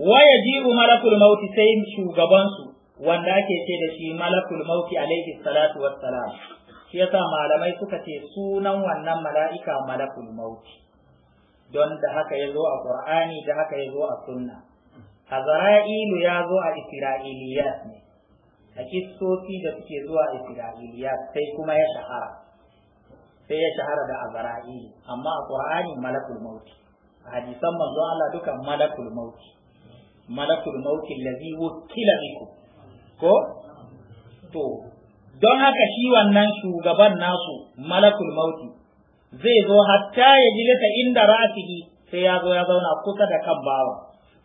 waya jiru malakul mauti sai shugabansu wanda ake ce da shi malakul mauti alaihi salatu wassalam shi yasa malamai suka ce sunan wannan mala'ika malakul mauti don da haka ya zo a qur'ani da haka ya zo a sunna azra'ilu ya zo a isra'iliyat ne a kissofi da suke zuwa isra'iliyat sai kuma ya shahara sai ya shahara da azra'ilu amma a qur'ani malakul mauti a hadisan manzo Allah dukan malakul mauti malakul mauti allazi wukila bikum ko to don haka shi wannan shugaban nasu malakul mauti zai zo hatta ya jilita inda rafihi sai ya zo ya zauna kusa da kan bawa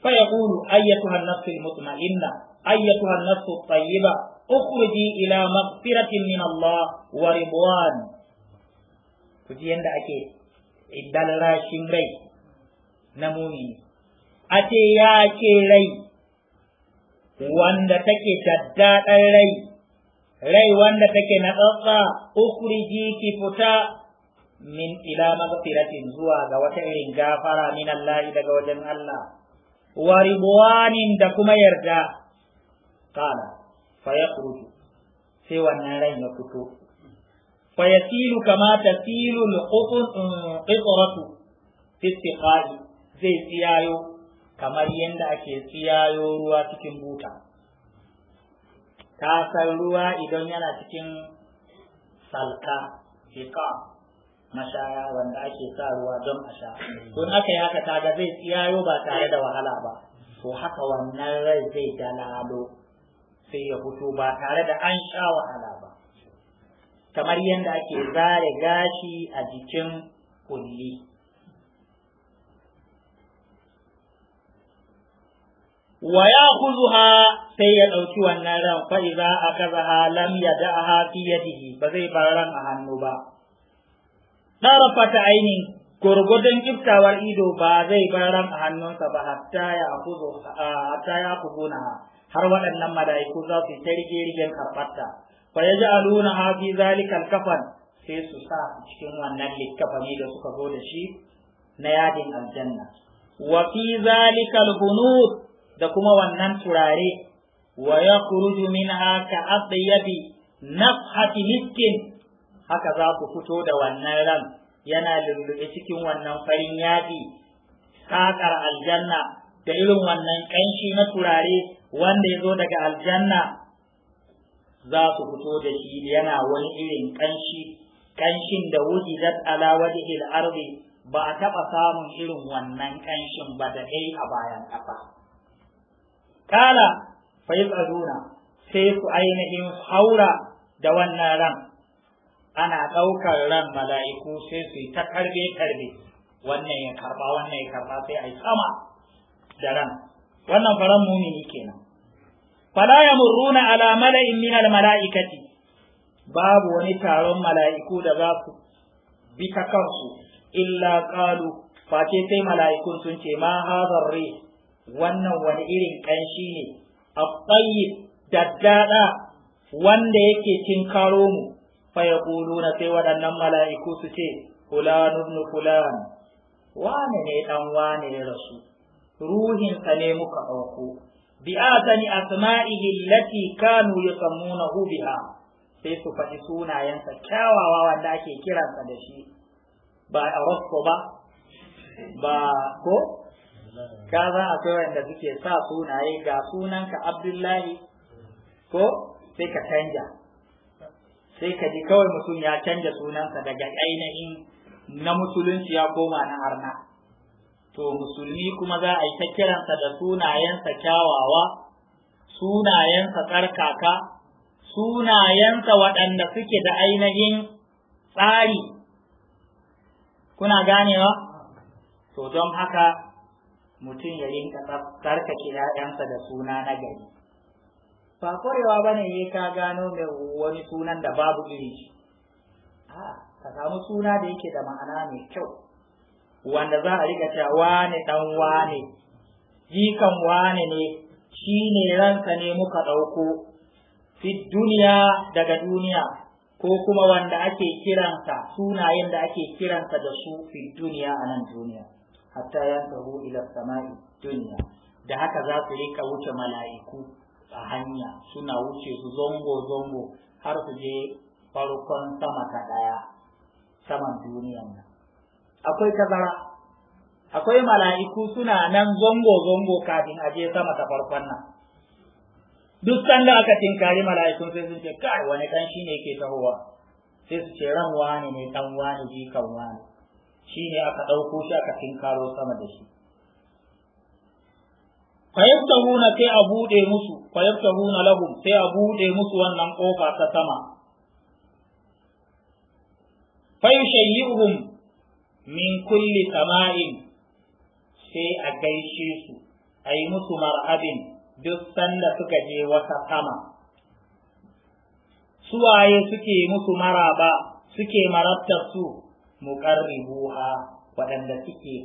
fa qulu ayyatuha an-nafsu al-mutma'inna ayyatuha an-nafsu at-tayyiba ukhruji ila maghfiratin min Allah wa ridwan kuji yanda ake idan rashin rai na mumini a ce ya ce rai wanda take shaddaɗar rai rai wanda take na tsatsa ukuriji ki fita min ila maghfiratin zuwa ga wata irin gafara min Allah daga wajen Allah wa ribwanin da kuma yarda Kala, fa yakhruju sai wannan rai ya fito fa yasilu kama tasilu al-qitrat fi istiqali zai tsiyayo kamar yadda ake tsiyayo ruwa cikin buta tasar ruwa idan yana cikin salka fika mashaya wanda ake sa ruwa don a sha don aka yi haka ta zai tsiyayo ba tare da wahala ba to haka wannan rai zai dalalo sai ya fito ba tare da an sha wahala ba kamar yadda ake zare gashi a jikin kulli wa ya kuzuha sai ya ɗauki wannan ran fa iza ha lam hafi fi yadihi ba zai bar ran a hannu ba fata ainin gurgudun kiftawar ido ba zai bar ran a hannunsa ba hatta ya kuzo hatta ya ha. har waɗannan mala'iku za su ta rige rigen karɓarta fa a ha fi zalikan kafan sai su sa cikin wannan likkafani da suka zo da shi na yadin aljanna wa fi zalikal hunut da kuma wannan turare wa ya kuruju min haka abdiyabi nafhati miskin haka za ku fito da wannan ran yana lullube cikin wannan farin yaƙi kakar aljanna da irin wannan ƙanshi na turare wanda ya zo daga aljanna za su fito da shi yana wani irin ƙanshi ƙanshin da zat ala wajhil ba a taɓa samun irin wannan ƙanshin ba da ɗai a bayan ƙafa. kala fa azuna sai su ainihin haura da wannan ran ana ɗaukar ran mala'iku sai su yi ta karbe karbe wannan ya karba wannan ya karba sai a yi sama da ran wannan faran mumini kenan fala yamurruna ala mala'in min al mala'ikati babu wani taron mala'iku da za su bi ta kansu illa qalu ce sai mala'ikun sun ce ma hadar rih wannan wani irin ƙanshi ne A da daddada wanda yake cin karo mu fa na sai waɗannan mala'iku su ce fulan ibn fulan wane ne dan wane ya rasu ruhin sa ne muka auku bi atani asma'ihi allati kanu yusammunahu biha sai su faɗi sunayensa kyawawa wanda ake kiransa da shi ba a ba ba ko ka za a kai wanda suke sa sunaye ga sunanka abdullahi ko sai ka canja sai ka ji kawai mutum ya canja sunansa daga ainihin na musulunci ya koma na arna to musulmi kuma za a yi ta kiransa da sunayensa kyawawa sunayensa tsarkaka sunayensa waɗanda suke da ainihin tsari kuna ganewa to don haka mutum ya rinka tsarkake ‘ya'yansa da suna na gari ba korewa ba ne ya ka gano mai wani sunan da babu iri shi a ka samu suna da yake da ma'ana mai kyau wanda za a riga cewa wane ɗan wane jikan wane ne shi ne ranka ne muka ɗauko fit duniya daga duniya ko kuma wanda ake kiransa sunayen da ake kiransa da su fit duniya a nan duniya hatta yantahu ila samai dunya da haka za su rika wuce mala'iku a hanya suna wuce su zongo zongo har su je farkon sama ta daya saman duniyan nan akwai tazara akwai mala'iku suna nan zongo zongo kafin a je sama ta farkon nan duk sanda aka tinkari mala'ikun sai sun ce kai wani kan shine yake tahowa sai su ce ran wani ne dan wani jikan wani shi ne aka ɗauko shi aka tinkaro sama da shi huna sai a buɗe musu huna lahum sai a buɗe musu wannan ƙofa ta sama fayushayyi'uhum min kulli sama'in sai a gaishe su a yi musu mar'abin duk sanda suka je wata sama suwaye suke musu maraba suke marabtar su muqarribuha waɗanda suke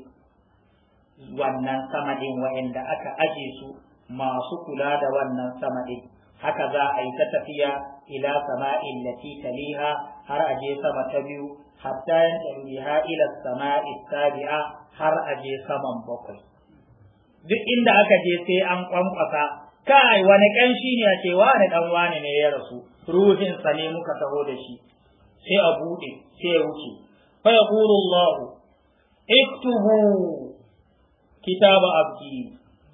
wannan samadin waɗanda aka aje su masu kula da wannan samadin haka za a yi ta tafiya ila sama'in lati taliha har aje sama ta biyu hatta yantahiha ila sama'i sabi'a har aje saman bakwai duk inda aka je sai an kwankwasa kai wani kanshi ne a ce wani dan wani ne ya rasu ruhin sa ne muka taho da shi sai a bude sai ya wuce فيقول الله اكتبوا كتاب عبدي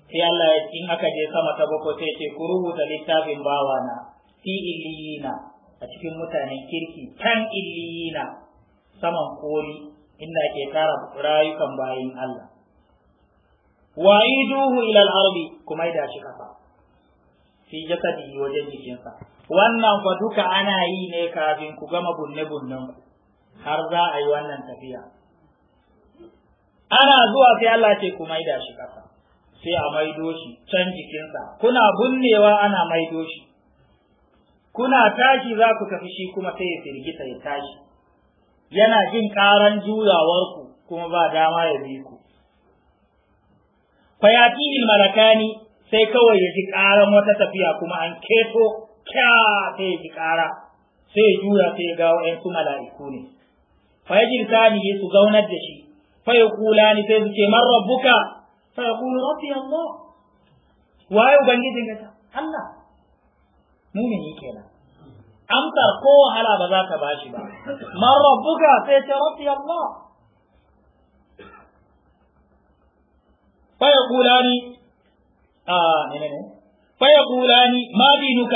sai Allah ya in aka je sama ta bako ce ku rubuta littafin bawana fi illiyina a cikin mutanen kirki tan illiyina saman koli inda ke tara rayukan bayin Allah wa iduhu ila al kuma da shi kafa fi jasadi wajen jikinsa wannan fa duka ana yi ne kafin ku gama bunne bunnen ku har za a yi wannan tafiya ana zuwa sai Allah ce ku maida shi ƙasa sai a maido shi can jikinsa kuna bunnewa ana maido shi kuna tashi za ku tafi shi kuma sai ya firgita ya tashi yana jin ƙaran juyawarku kuma ba dama ya bi ku fayatihil malakani sai kawai ya ji ƙaran wata tafiya kuma an keto kya sai ya ji ƙara sai ya juya sai ya 'yan wa'yansu mala'iku ne فيجلساني سجون الدشي فيقولان سيزكي من ربك فيقول ربي الله وهي أبنجيز إنك هلا مومن يكينا أمتى قوة هلا بذاك باشبا من ربك سيزكي ربي الله فيقولان آه نين إيه، نين إيه، إيه. فيقولان ما دينك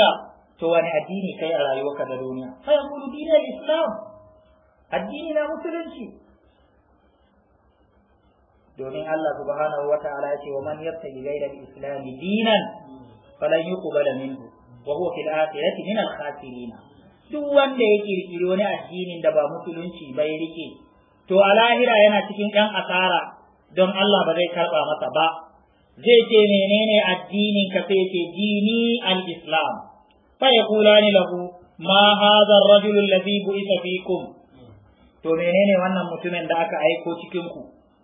تواني أديني كي على يوكا دونيا فيقول دين الإسلام addini na musulunci domin Allah subhanahu wa ta'ala ya ce wa man yattabi ghayra al-islam dinan falan yuqbala minhu wa huwa fil akhirati min al-khasirin duk wanda ya kirkiri wani addinin da ba musulunci ba ya rike to a lahira yana cikin ɗan asara don Allah ba zai karɓa masa ba zai ce menene addinin ka sai ce dini al-islam fa yaqulani lahu ma hadha ar rajulu alladhi bu'itha fikum to menene wannan mutumin da aka aiko cikin ku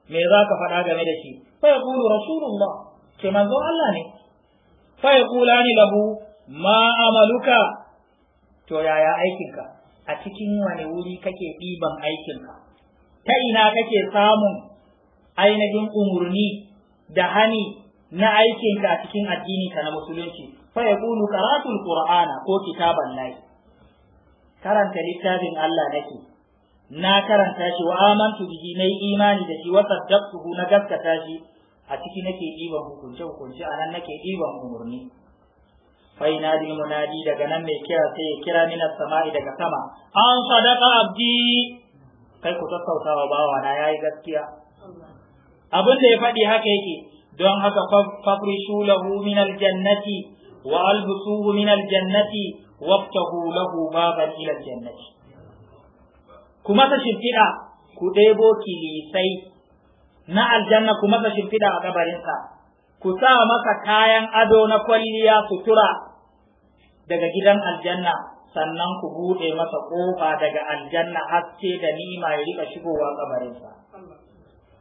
me za ka faɗa game da shi fa yaqulu rasulullah ke manzo Allah ne fa ni lahu ma amaluka to yaya aikinka a cikin wani wuri kake ɗiban aikinka ta ina kake samun ainihin umurni da hani na aikinka a cikin addini ka na musulunci fa yaqulu qaratul qur'ana ko kitaban lahi karanta littafin Allah nake na karanta shi wa amantu bihi nayi imani da shi wa saddaqtuhu na gaskata shi a ciki nake diban hukunce hukunce a nan nake diban umurni fa inadi munadi daga nan mai kira sai ya kira minas sama'i daga sama an sadaqa abdi kai ku wa bawa na yayi gaskiya abin da ya faɗi haka yake don haka fafrishu lahu min aljannati wa albusuhu min aljannati waftahu lahu baban ila aljannati ku masa shimfiɗa ku ɗebo kilisai na aljanna ku masa shimfiɗa a ƙabarinsa. ku sa maka kayan ado na kwalliya sutura daga gidan aljanna sannan ku buɗe masa ƙofa daga aljanna haske da nima ya riƙa shigowa ƙabarinsa.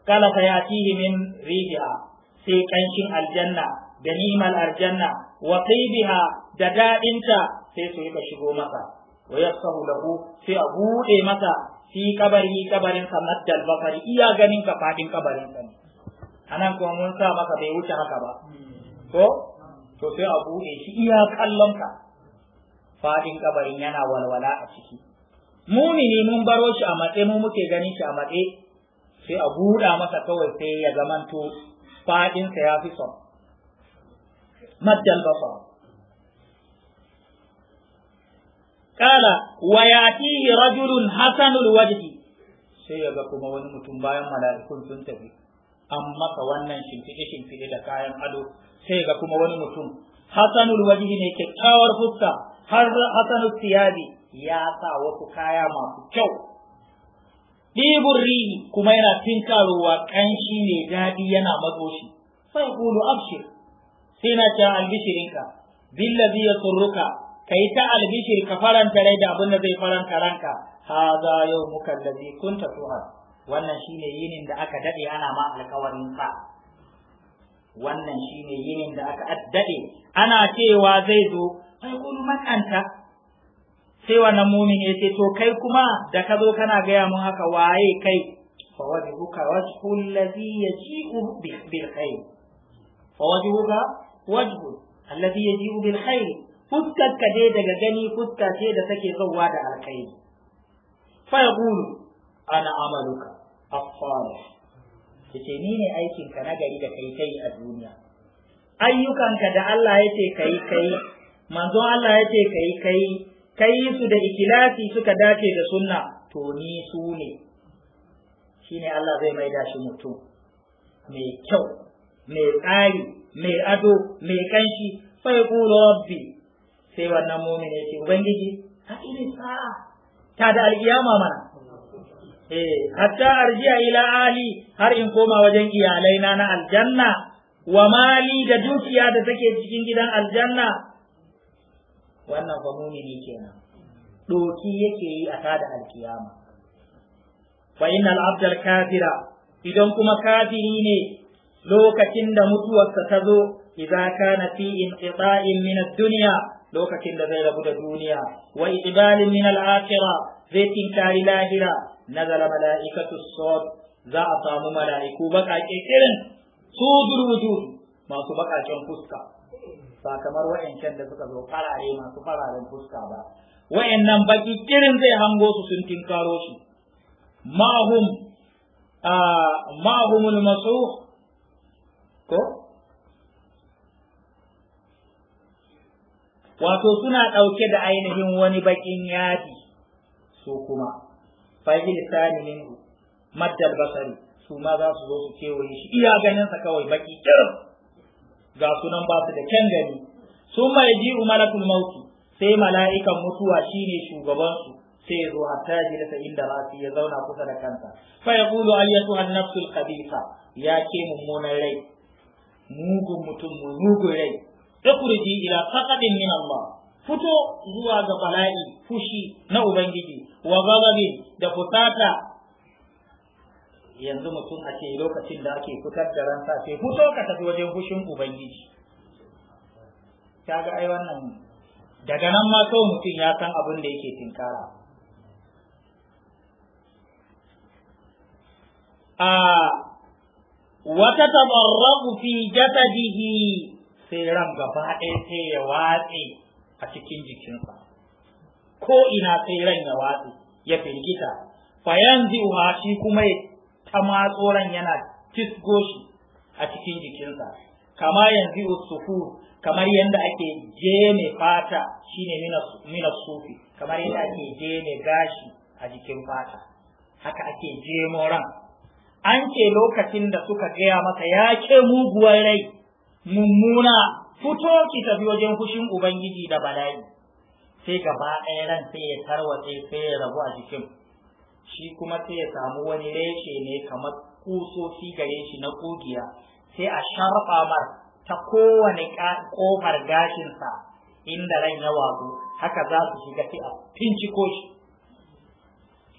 kala ta yaki min rijiya sai kanshin aljanna da nimal aljanna wa taybiha da daɗinta sai su riƙa shigo masa wa yasahu lahu sai a buɗe masa fi kabari kabarin sa maddal bakari iya ganin ka fadin kabarin sa anan kuma mun sa maka bai wuce haka ba ko to sai a buɗe shi iya kallon ka fadin kabarin yana walwala a ciki mumini mun baro shi a matse mu muke ganin shi a matse sai a buɗa masa kawai sai ya zamanto fadin sa ya fi son bakari kala wa yatihi rajulun hasanul wajhi sai ga kuma wani mutum bayan mala'ikun sun tafi an masa wannan shimfiɗe shimfiɗe da kayan ado sai ga kuma wani mutum hasanul wajhi ne kyakkyawar fuska har hasanul siyabi ya sa wasu kaya masu kyau ɗibin rihi kuma yana tinkarowa ƙanshi ne daɗi yana matso shi sai kulu abshir sai na ce albishirinka billazi ya surruka kai ta albishir ka faranta rai da abin da zai faranta ranka Ha za hadha yawmuka alladhi kunta tuhad wannan shine yinin da aka dade ana ma alƙawarin sa wannan shine yinin da aka addade ana cewa zai zo kai kun makanta sai wannan mumin ya ce to kai kuma da ka zo kana gaya mun haka waye kai fa wajhuka wajhul ladhi yaji'u bil khair fa wajhuka wajhul alladhi yaji'u bil khair fuskar ka dai daga gani fuska ce da take zauwa da alkai fa yaqulu ana amaluka as-salih yace ni ne aikin ka nagari da kai kai a duniya ayyukanka da Allah yake kai kai manzo Allah yake kai kai kai su da ikilasi suka dace da sunna to ni su ne shine Allah zai maida shi mutum mai kyau mai tsari mai ado mai kanshi sai ku rabbi sai wannan mumin ya ce ubangiji a irin sa'a ta da alƙiyama mana eh hatta arjiya ila ali har in koma wajen iyalaina na aljanna wa mali da dukiya da take cikin gidan aljanna wannan fa mumini kenan doki yake yi a da alkiyama fa innal abdal kafira idan kuma kafiri ne lokacin da mutuwarsa ta zo idza kana fi inqita'in min ad-dunya lokacin da zai rabu da duniya wa iqbalin min al-akhirah zai tinkari lahira nazala mala'ikatu sawt za a samu mala'iku baƙaƙe irin su durwudu masu baƙaƙen fuska ba kamar wa'ancan da suka zo farare masu fararen fuska ba wa'annan baki irin zai hango su sun tinkaro shi ma'hum ma'humul masuh ko wato suna ɗauke da ainihin wani baƙin yaɗi su kuma fahil sani min maddal basari su ma za su zo su kewaye shi iya ganin sa kawai baki kirin ga sunan ba su da kyan gani sun mai ji malakul mauti sai mala'ikan mutuwa shine shugaban su. sai zo hatta ji da inda basu ya zauna kusa da kanta. fa ya kulu ayyatu an-nafsul khabitha ya ke mummunan rai mugun mutum mugun rai ikhruji ila faqadin min Allah fito zuwa ga bala'i fushi na ubangiji wa ghadabi da fusata yanzu mutum a ce lokacin da ake fitar da ran safe fito ka tafi wajen fushin ubangiji kaga ai wannan daga nan ma kawai mutum ya san abin da yake tinkara a wata tabarrabu fi jasadihi sai ran gaba ɗaya sai ya watse a cikin jikinsa ko ina sai ran ya watse ya firgita Bayan ziwa shi kuma ta matso ran yana fisgo shi a cikin jikinsa kama yanzu sufu kamar yadda ake mai fata shine mina sufi kamar yadda ake mai gashi a jikin fata haka ake je ran an ce lokacin da suka gaya masa ya ke muguwar rai mummuna fito ki tafi wajen fushin ubangiji da bala'i sai gaba ɗaya ran sai ya tarwatse sai ya rabu a jikin shi kuma sai ya samu wani reshe ne kamar kusoci gare shi na kugiya sai a sharfa mar ta kowane kofar gashinsa inda ran ya wazo haka za su shiga sai a ko shi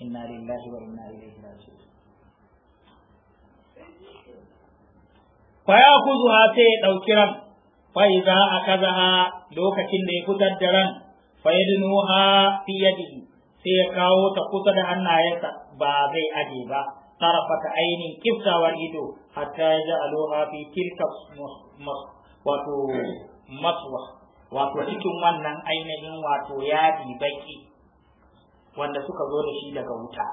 inna lillahi wa inna ilaihi raji'un fa ya kuzuha sai ya ɗauki ran fa kaza a lokacin da ya fitar da ran fa yadnuha fi yadihi sai ya kawo ta kusa da hannayensa ba zai aje ba tarafata ainihin kiftawar ido hatta ya ji aloha fi kirka wato maswa wato cikin wannan ainihin wato yadi baki wanda suka zo da shi daga wuta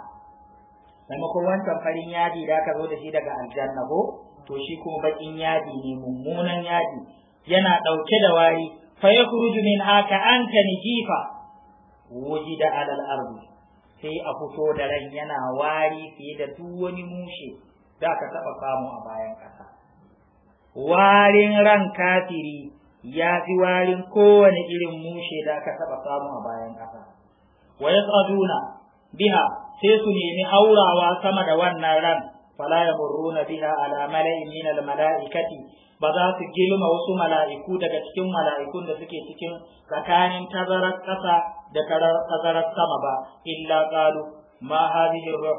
maimakon wancan farin yadi da aka zo da shi daga aljanna ko to shi ko bakin yadi ne mummunan yadi yana ɗauke da wari fa ya yakhruju min haka anka nijifa wujida alal ardi sai a fito da ran yana wari fiye da duk wani mushe da ka taba samu a bayan ƙasa warin ran kafiri ya fi warin kowane irin mushe da ka taba samu a bayan ƙasa wa yas'aduna biha sai su nemi haurawa sama da wannan ran fala yamurruna biha ala mala'in min al mala'ikati ba za su gilma wasu mala'iku daga cikin mala'ikun da suke cikin tsakanin tazarar kasa da tazarar sama ba illa qalu ma hadhihi ruh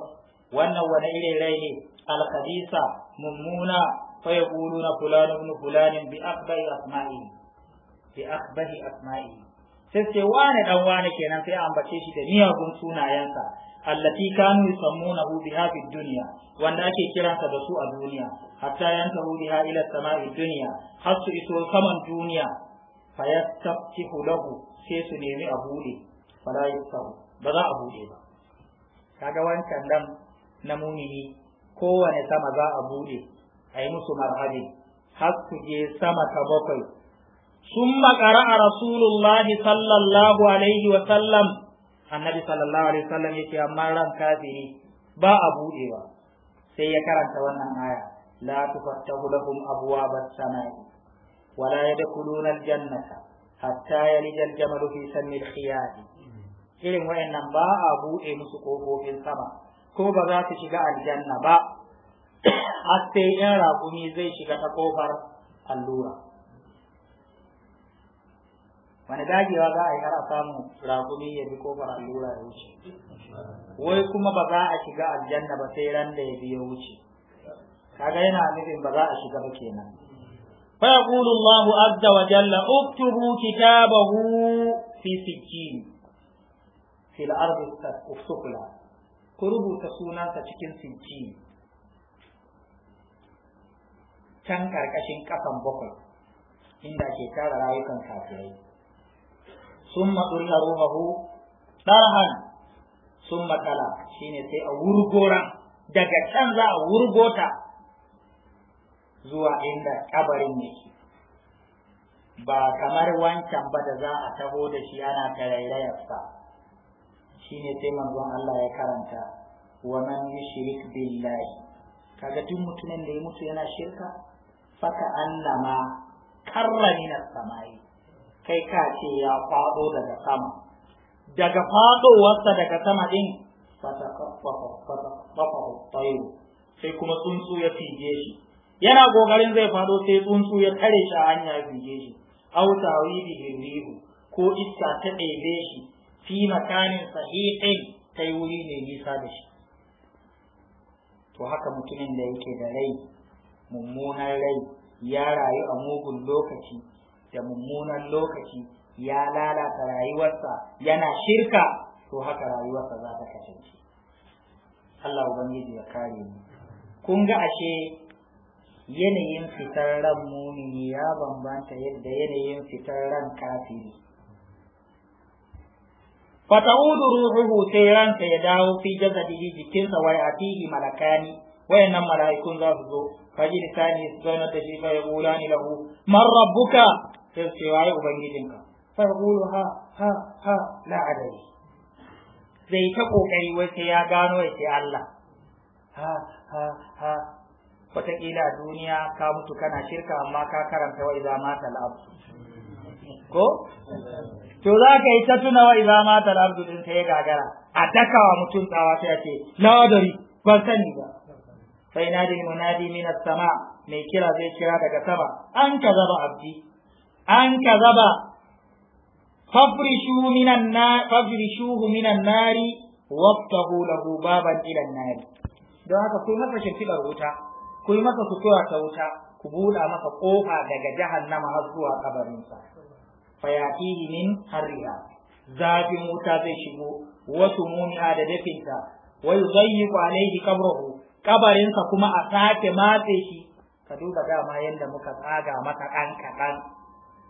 wannan wani irin rai ne al khabisa mummuna fa yaquluna fulan ibn fulan bi akhbahi asma'i bi asma'i sai sai wani dan wani kenan sai ambace shi da miyagun sunayensa allati kanu yusammunahu biha fid dunya wanda ake kiransa da su a duniya hatta yantahu biha ila sama'i dunya har su iso saman duniya fayastaftihu lahu sai su nemi a bude fala yastahu ba za a bude ba kaga wancan dan na mumini kowane sama za a bude a yi musu marhabi har su je sama ta bakwai sun makara a rasulullahi sallallahu alaihi wa sallam annabi sallallahu alaihi wasallam yake amma ran kafiri ba a buɗewa sai ya karanta wannan aya la tufattahu lahum abwabas samai wa la yadkhuluna aljannata hatta yalija aljamal fi sammi alkhiyadi irin wayannan ba a buɗe musu kofofin sama ko ba za su shiga aljanna ba har sai yan raƙumi zai shiga ta kofar allura wani dagewa za a yi har a samu ya bi kofar allura ya wuce wai kuma ba za a shiga aljanna ba sai ran da ya biyo wuce kaga yana nufin ba za a shiga ba kenan fa yaqulu Allahu azza wa jalla uktubu kitabahu fi sijjin fil ardi sufla ku rubuta sunansa cikin sijjin can karkashin kasan bakwai inda ke tara rayukan kafirai summa ɗulla ruhahu ɗahan summa tala shine sai a wurgora daga can za a wurgota zuwa inda kabarin yake ba kamar wancan ba da za a taho da shi ana tarairayarsa shine sai manzon Allah ya karanta wa man yushrik billahi kaga duk mutumin da ya mutu yana shirka faka annama karra minas samai kai ka ce ya faɗo daga sama daga faɗowarsa daga sama ɗin sai kuma tsuntsu ya fige shi yana ƙoƙarin zai faɗo sai tsuntsu ya tare shi a hanya ya fige shi aw tawili ko iska ta ɗebe shi fi makanin sahihin yi wuri mai nisa da shi to haka mutumin da yake da rai mummunan rai ya rayu a mugun lokaci da mummunan lokaci ya lalata rayuwarsa yana shirka to haka rayuwarsa za ta kasance Allah ubangiji ya kare mu kun ga ashe yanayin fitar ran mumini ya bambanta yadda yanayin fitar ran kafiri fata'udu ruhuhu sai ranta ya dawo fi jazadihi jikinsa wai fihi malakani wayannan mala'ikun za su zo فجلسانه سنة شيء فيقولان له من ربك sai waye ubangijinka fa yaqulu ha ha ha la adari zai ta kokari wai sai ya gano ya sai Allah ha ha ha wataƙila a duniya ka mutu kana shirka amma ka karanta wa iza mata al'abdu ko to za ka yi ta tuna wa iza mata al'abdu din sai ya gagara a dakawa mutum tsawa sai ya ce la adari ban sani ba sai nadi munadi min sama mai kira zai kira daga sama an zaba, abdi an ka zaba. fafrishuhu minan nari waftahu lahu baban ila nari don haka ku masa shimfidar wuta ku masa sutura ta wuta ku buɗa masa ƙofa daga jahannama har zuwa kabarinsa fayatihi min harriya. zafin wuta zai shigo wasu muni da dafinta wai yi kwaleji kabrahu kabarinsa kuma a sake matse shi ka duba dama yadda muka tsaga masa ɗan kaɗan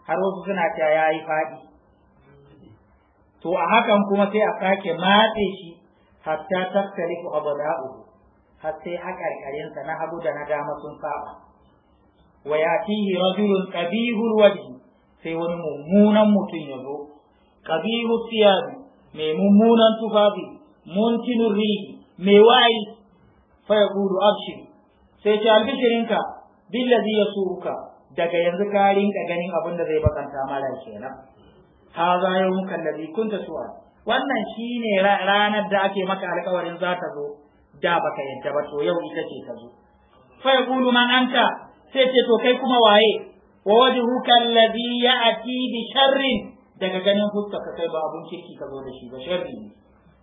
har wasu suna cewa ya yi faɗi to a hakan kuma sai a sake matse shi hatta tattalifu abada'u har sai haƙarƙarinsa na hagu da na dama sun saba wa yatihi rajulun qabihul waje sai wani mummunan mutum ya zo qabihu siyabi mai mummunan tufafi muntinur rihi mai wayi fa yaqulu abshir sai ce albishirinka billazi yasuuka daga yanzu ka rinka ganin abin da zai bakanta mara kenan Ha haza yawmuka kun ta tu'a wannan shine ranar da ake maka alƙawarin za ta zo da baka yadda ba to yau ita ce ta zo fa yaqulu man anta sai ce to kai kuma waye wa wajhuka allazi ya'ti bi sharrin daga ganin fuska ka kai ba abun ciki ka zo da shi ba sharri ne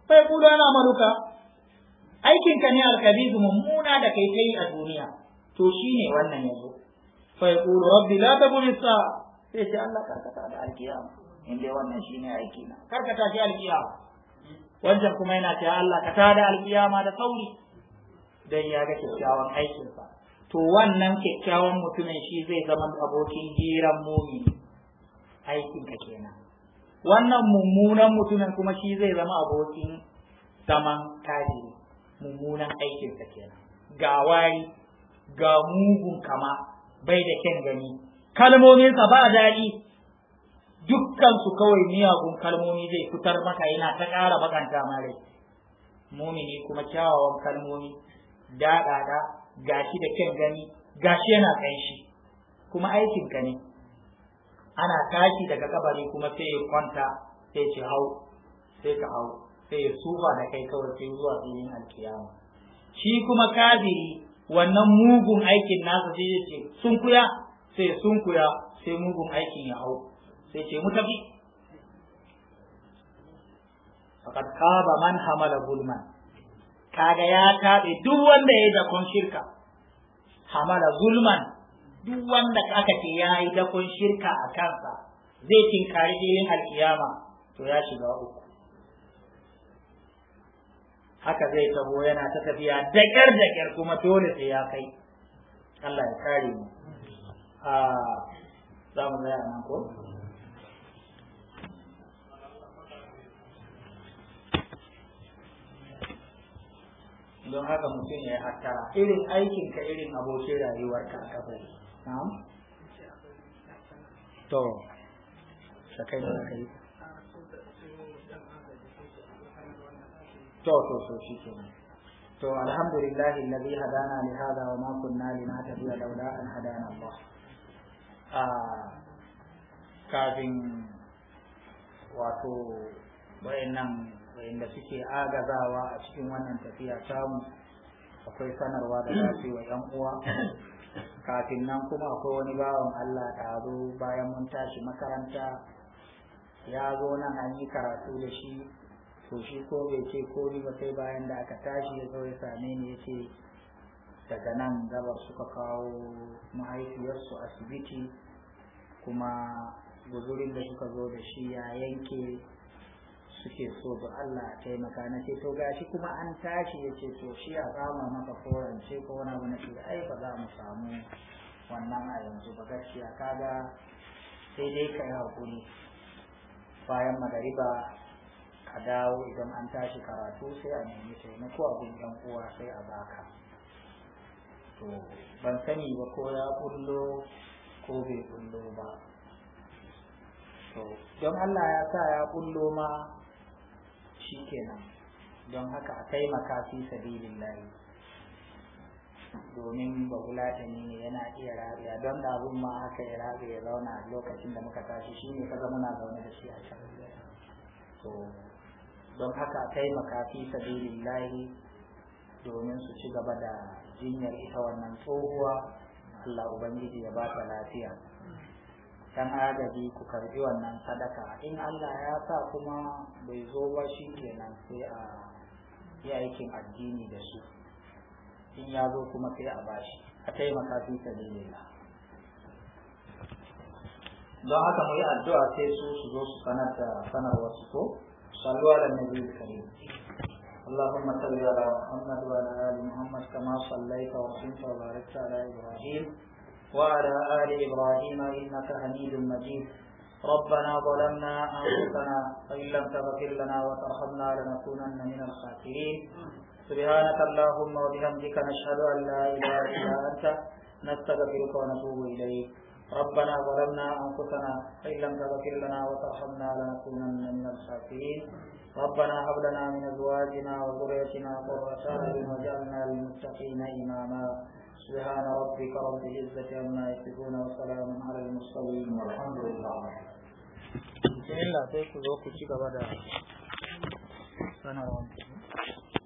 fa yaqulu ana maluka aikinka ne alkabizu mummuna da kai ta yi a duniya to shi ne wannan ya zo fa ya ƙuru rabbi la ta gumi sa sai ce Allah karkata da alkiyama in dai wannan shi ne aiki na karkata shi alkiyama wancan kuma yana cewa Allah ka ta da alkiyama da sauri dan ya ga kyakkyawan aikinsa to wannan kyakkyawan mutumin shi zai zama abokin hiran aikin aikinka kenan wannan mummunan mutumin kuma shi zai zama abokin zaman tajiri mummunan aikinsa kenan ga wari ga mugun kama bai da kyan gani kalmominsa ba daɗi dukkansu kawai miyagun kalmomi zai fitar maka yana ta ƙara bakanta mare mumini kuma kyawawan kalmomi daɗaɗa gashi da kyan gani gashi yana ƙanshi kuma aikinka ne ana tashi daga kabari kuma sai ya kwanta sai ce hau sai ka hau sai ya tsufa da kai kawai sai zuwa filin alkiyama shi kuma kadiri wannan mugun aikin nasa sai ya ce sun kuya sai ya kuya sai mugun aikin ya hau sai ce mu tafi faqad kaba man hamala gulman kaga ya kaɗe duk wanda ya yi dakon shirka hamala Gulman duk wanda aka ce ya yi dakon shirka a kansa zai tinkari jirin alkiyama to ya shiga uku haka zai taho yana ta tafiya da ƙyar da ƙyar kuma dole sai ya kai Allah ya kare mu a ah, za mu zaya nan ko don haka mutum ya yi hattara irin ka irin abokin rayuwarka a kabari na'am to sakai da kai to to to shi kenan to alhamdulillah alladhi hadana li hada wa ma kunna linahtadiya laula an hadana Allah a ah, kafin wato bayanan wayanda suke agazawa a cikin wannan tafiya tamu akwai sanarwa da za su yi wa 'yan uwa kafin nan kuma akwai wani bawan Allah taro bayan mun tashi makaranta ya zo nan an yi karatu da shi to shi ko bai ce komi ba sai bayan da aka tashi ya zo ya same ni ya ce daga nan gabar suka kawo mahaifiyarsu asibiti kuma guzurin da suka zo da shi ya yanke suke so da Allah a taimaka na ce to gashi kuma an tashi ya ce to shi a kama maka ce ko wani abu na ce ai ba za mu samu wannan a yanzu ba gaskiya kaga sai dai ka yi hakuri bayan magariba a dawo idan an tashi karatu sai a nemi taimako a gun yan uwa sai a baka to ban sani ba ko ya kullo ko bai kullo ba to don Allah ya sa ya kullo ma shi kenan, don haka a taimaka fi sabilillahi domin ba bagulatani ne yana iya rariya don da abun ma haka ya rariya zauna lokacin da muka tashi shine kaga muna zaune da shi a can to don haka a taimaka fi lahi domin su ci gaba da jinyar ita wannan tsohuwa Allah Ubangiji ya ba ta lafiya dan agaji ku karbi wannan sadaka in Allah ya sa kuma bai zo ba shi kenan sai a yi aikin addini da su, in ya zo kuma sai a bashi a taimaka fi sabilillah don haka mu yi addu'a sai su su zo su sanar da sanarwar su ko صلوا على النبي الكريم اللهم صل على محمد وعلى ال محمد كما صليت وسلمت وباركت على ابراهيم وعلى ال ابراهيم انك حميد مجيد ربنا ظلمنا انفسنا فان لم تغفر لنا وترحمنا لنكونن من الخاسرين سبحانك اللهم وبحمدك نشهد ان لا اله الا انت نستغفرك ونتوب اليك ربنا ظلمنا أنفسنا فإن لم تذكر لنا وترحمنا لنكونن من الخاسرين ربنا هب لنا من أزواجنا وذريتنا قرة أعين وجعلنا للمتقين إماما سبحان ربك رب العزة عما يصفون وسلام على المرسلين والحمد لله بسم الله تيكو ذوق الشيخ بدر سنة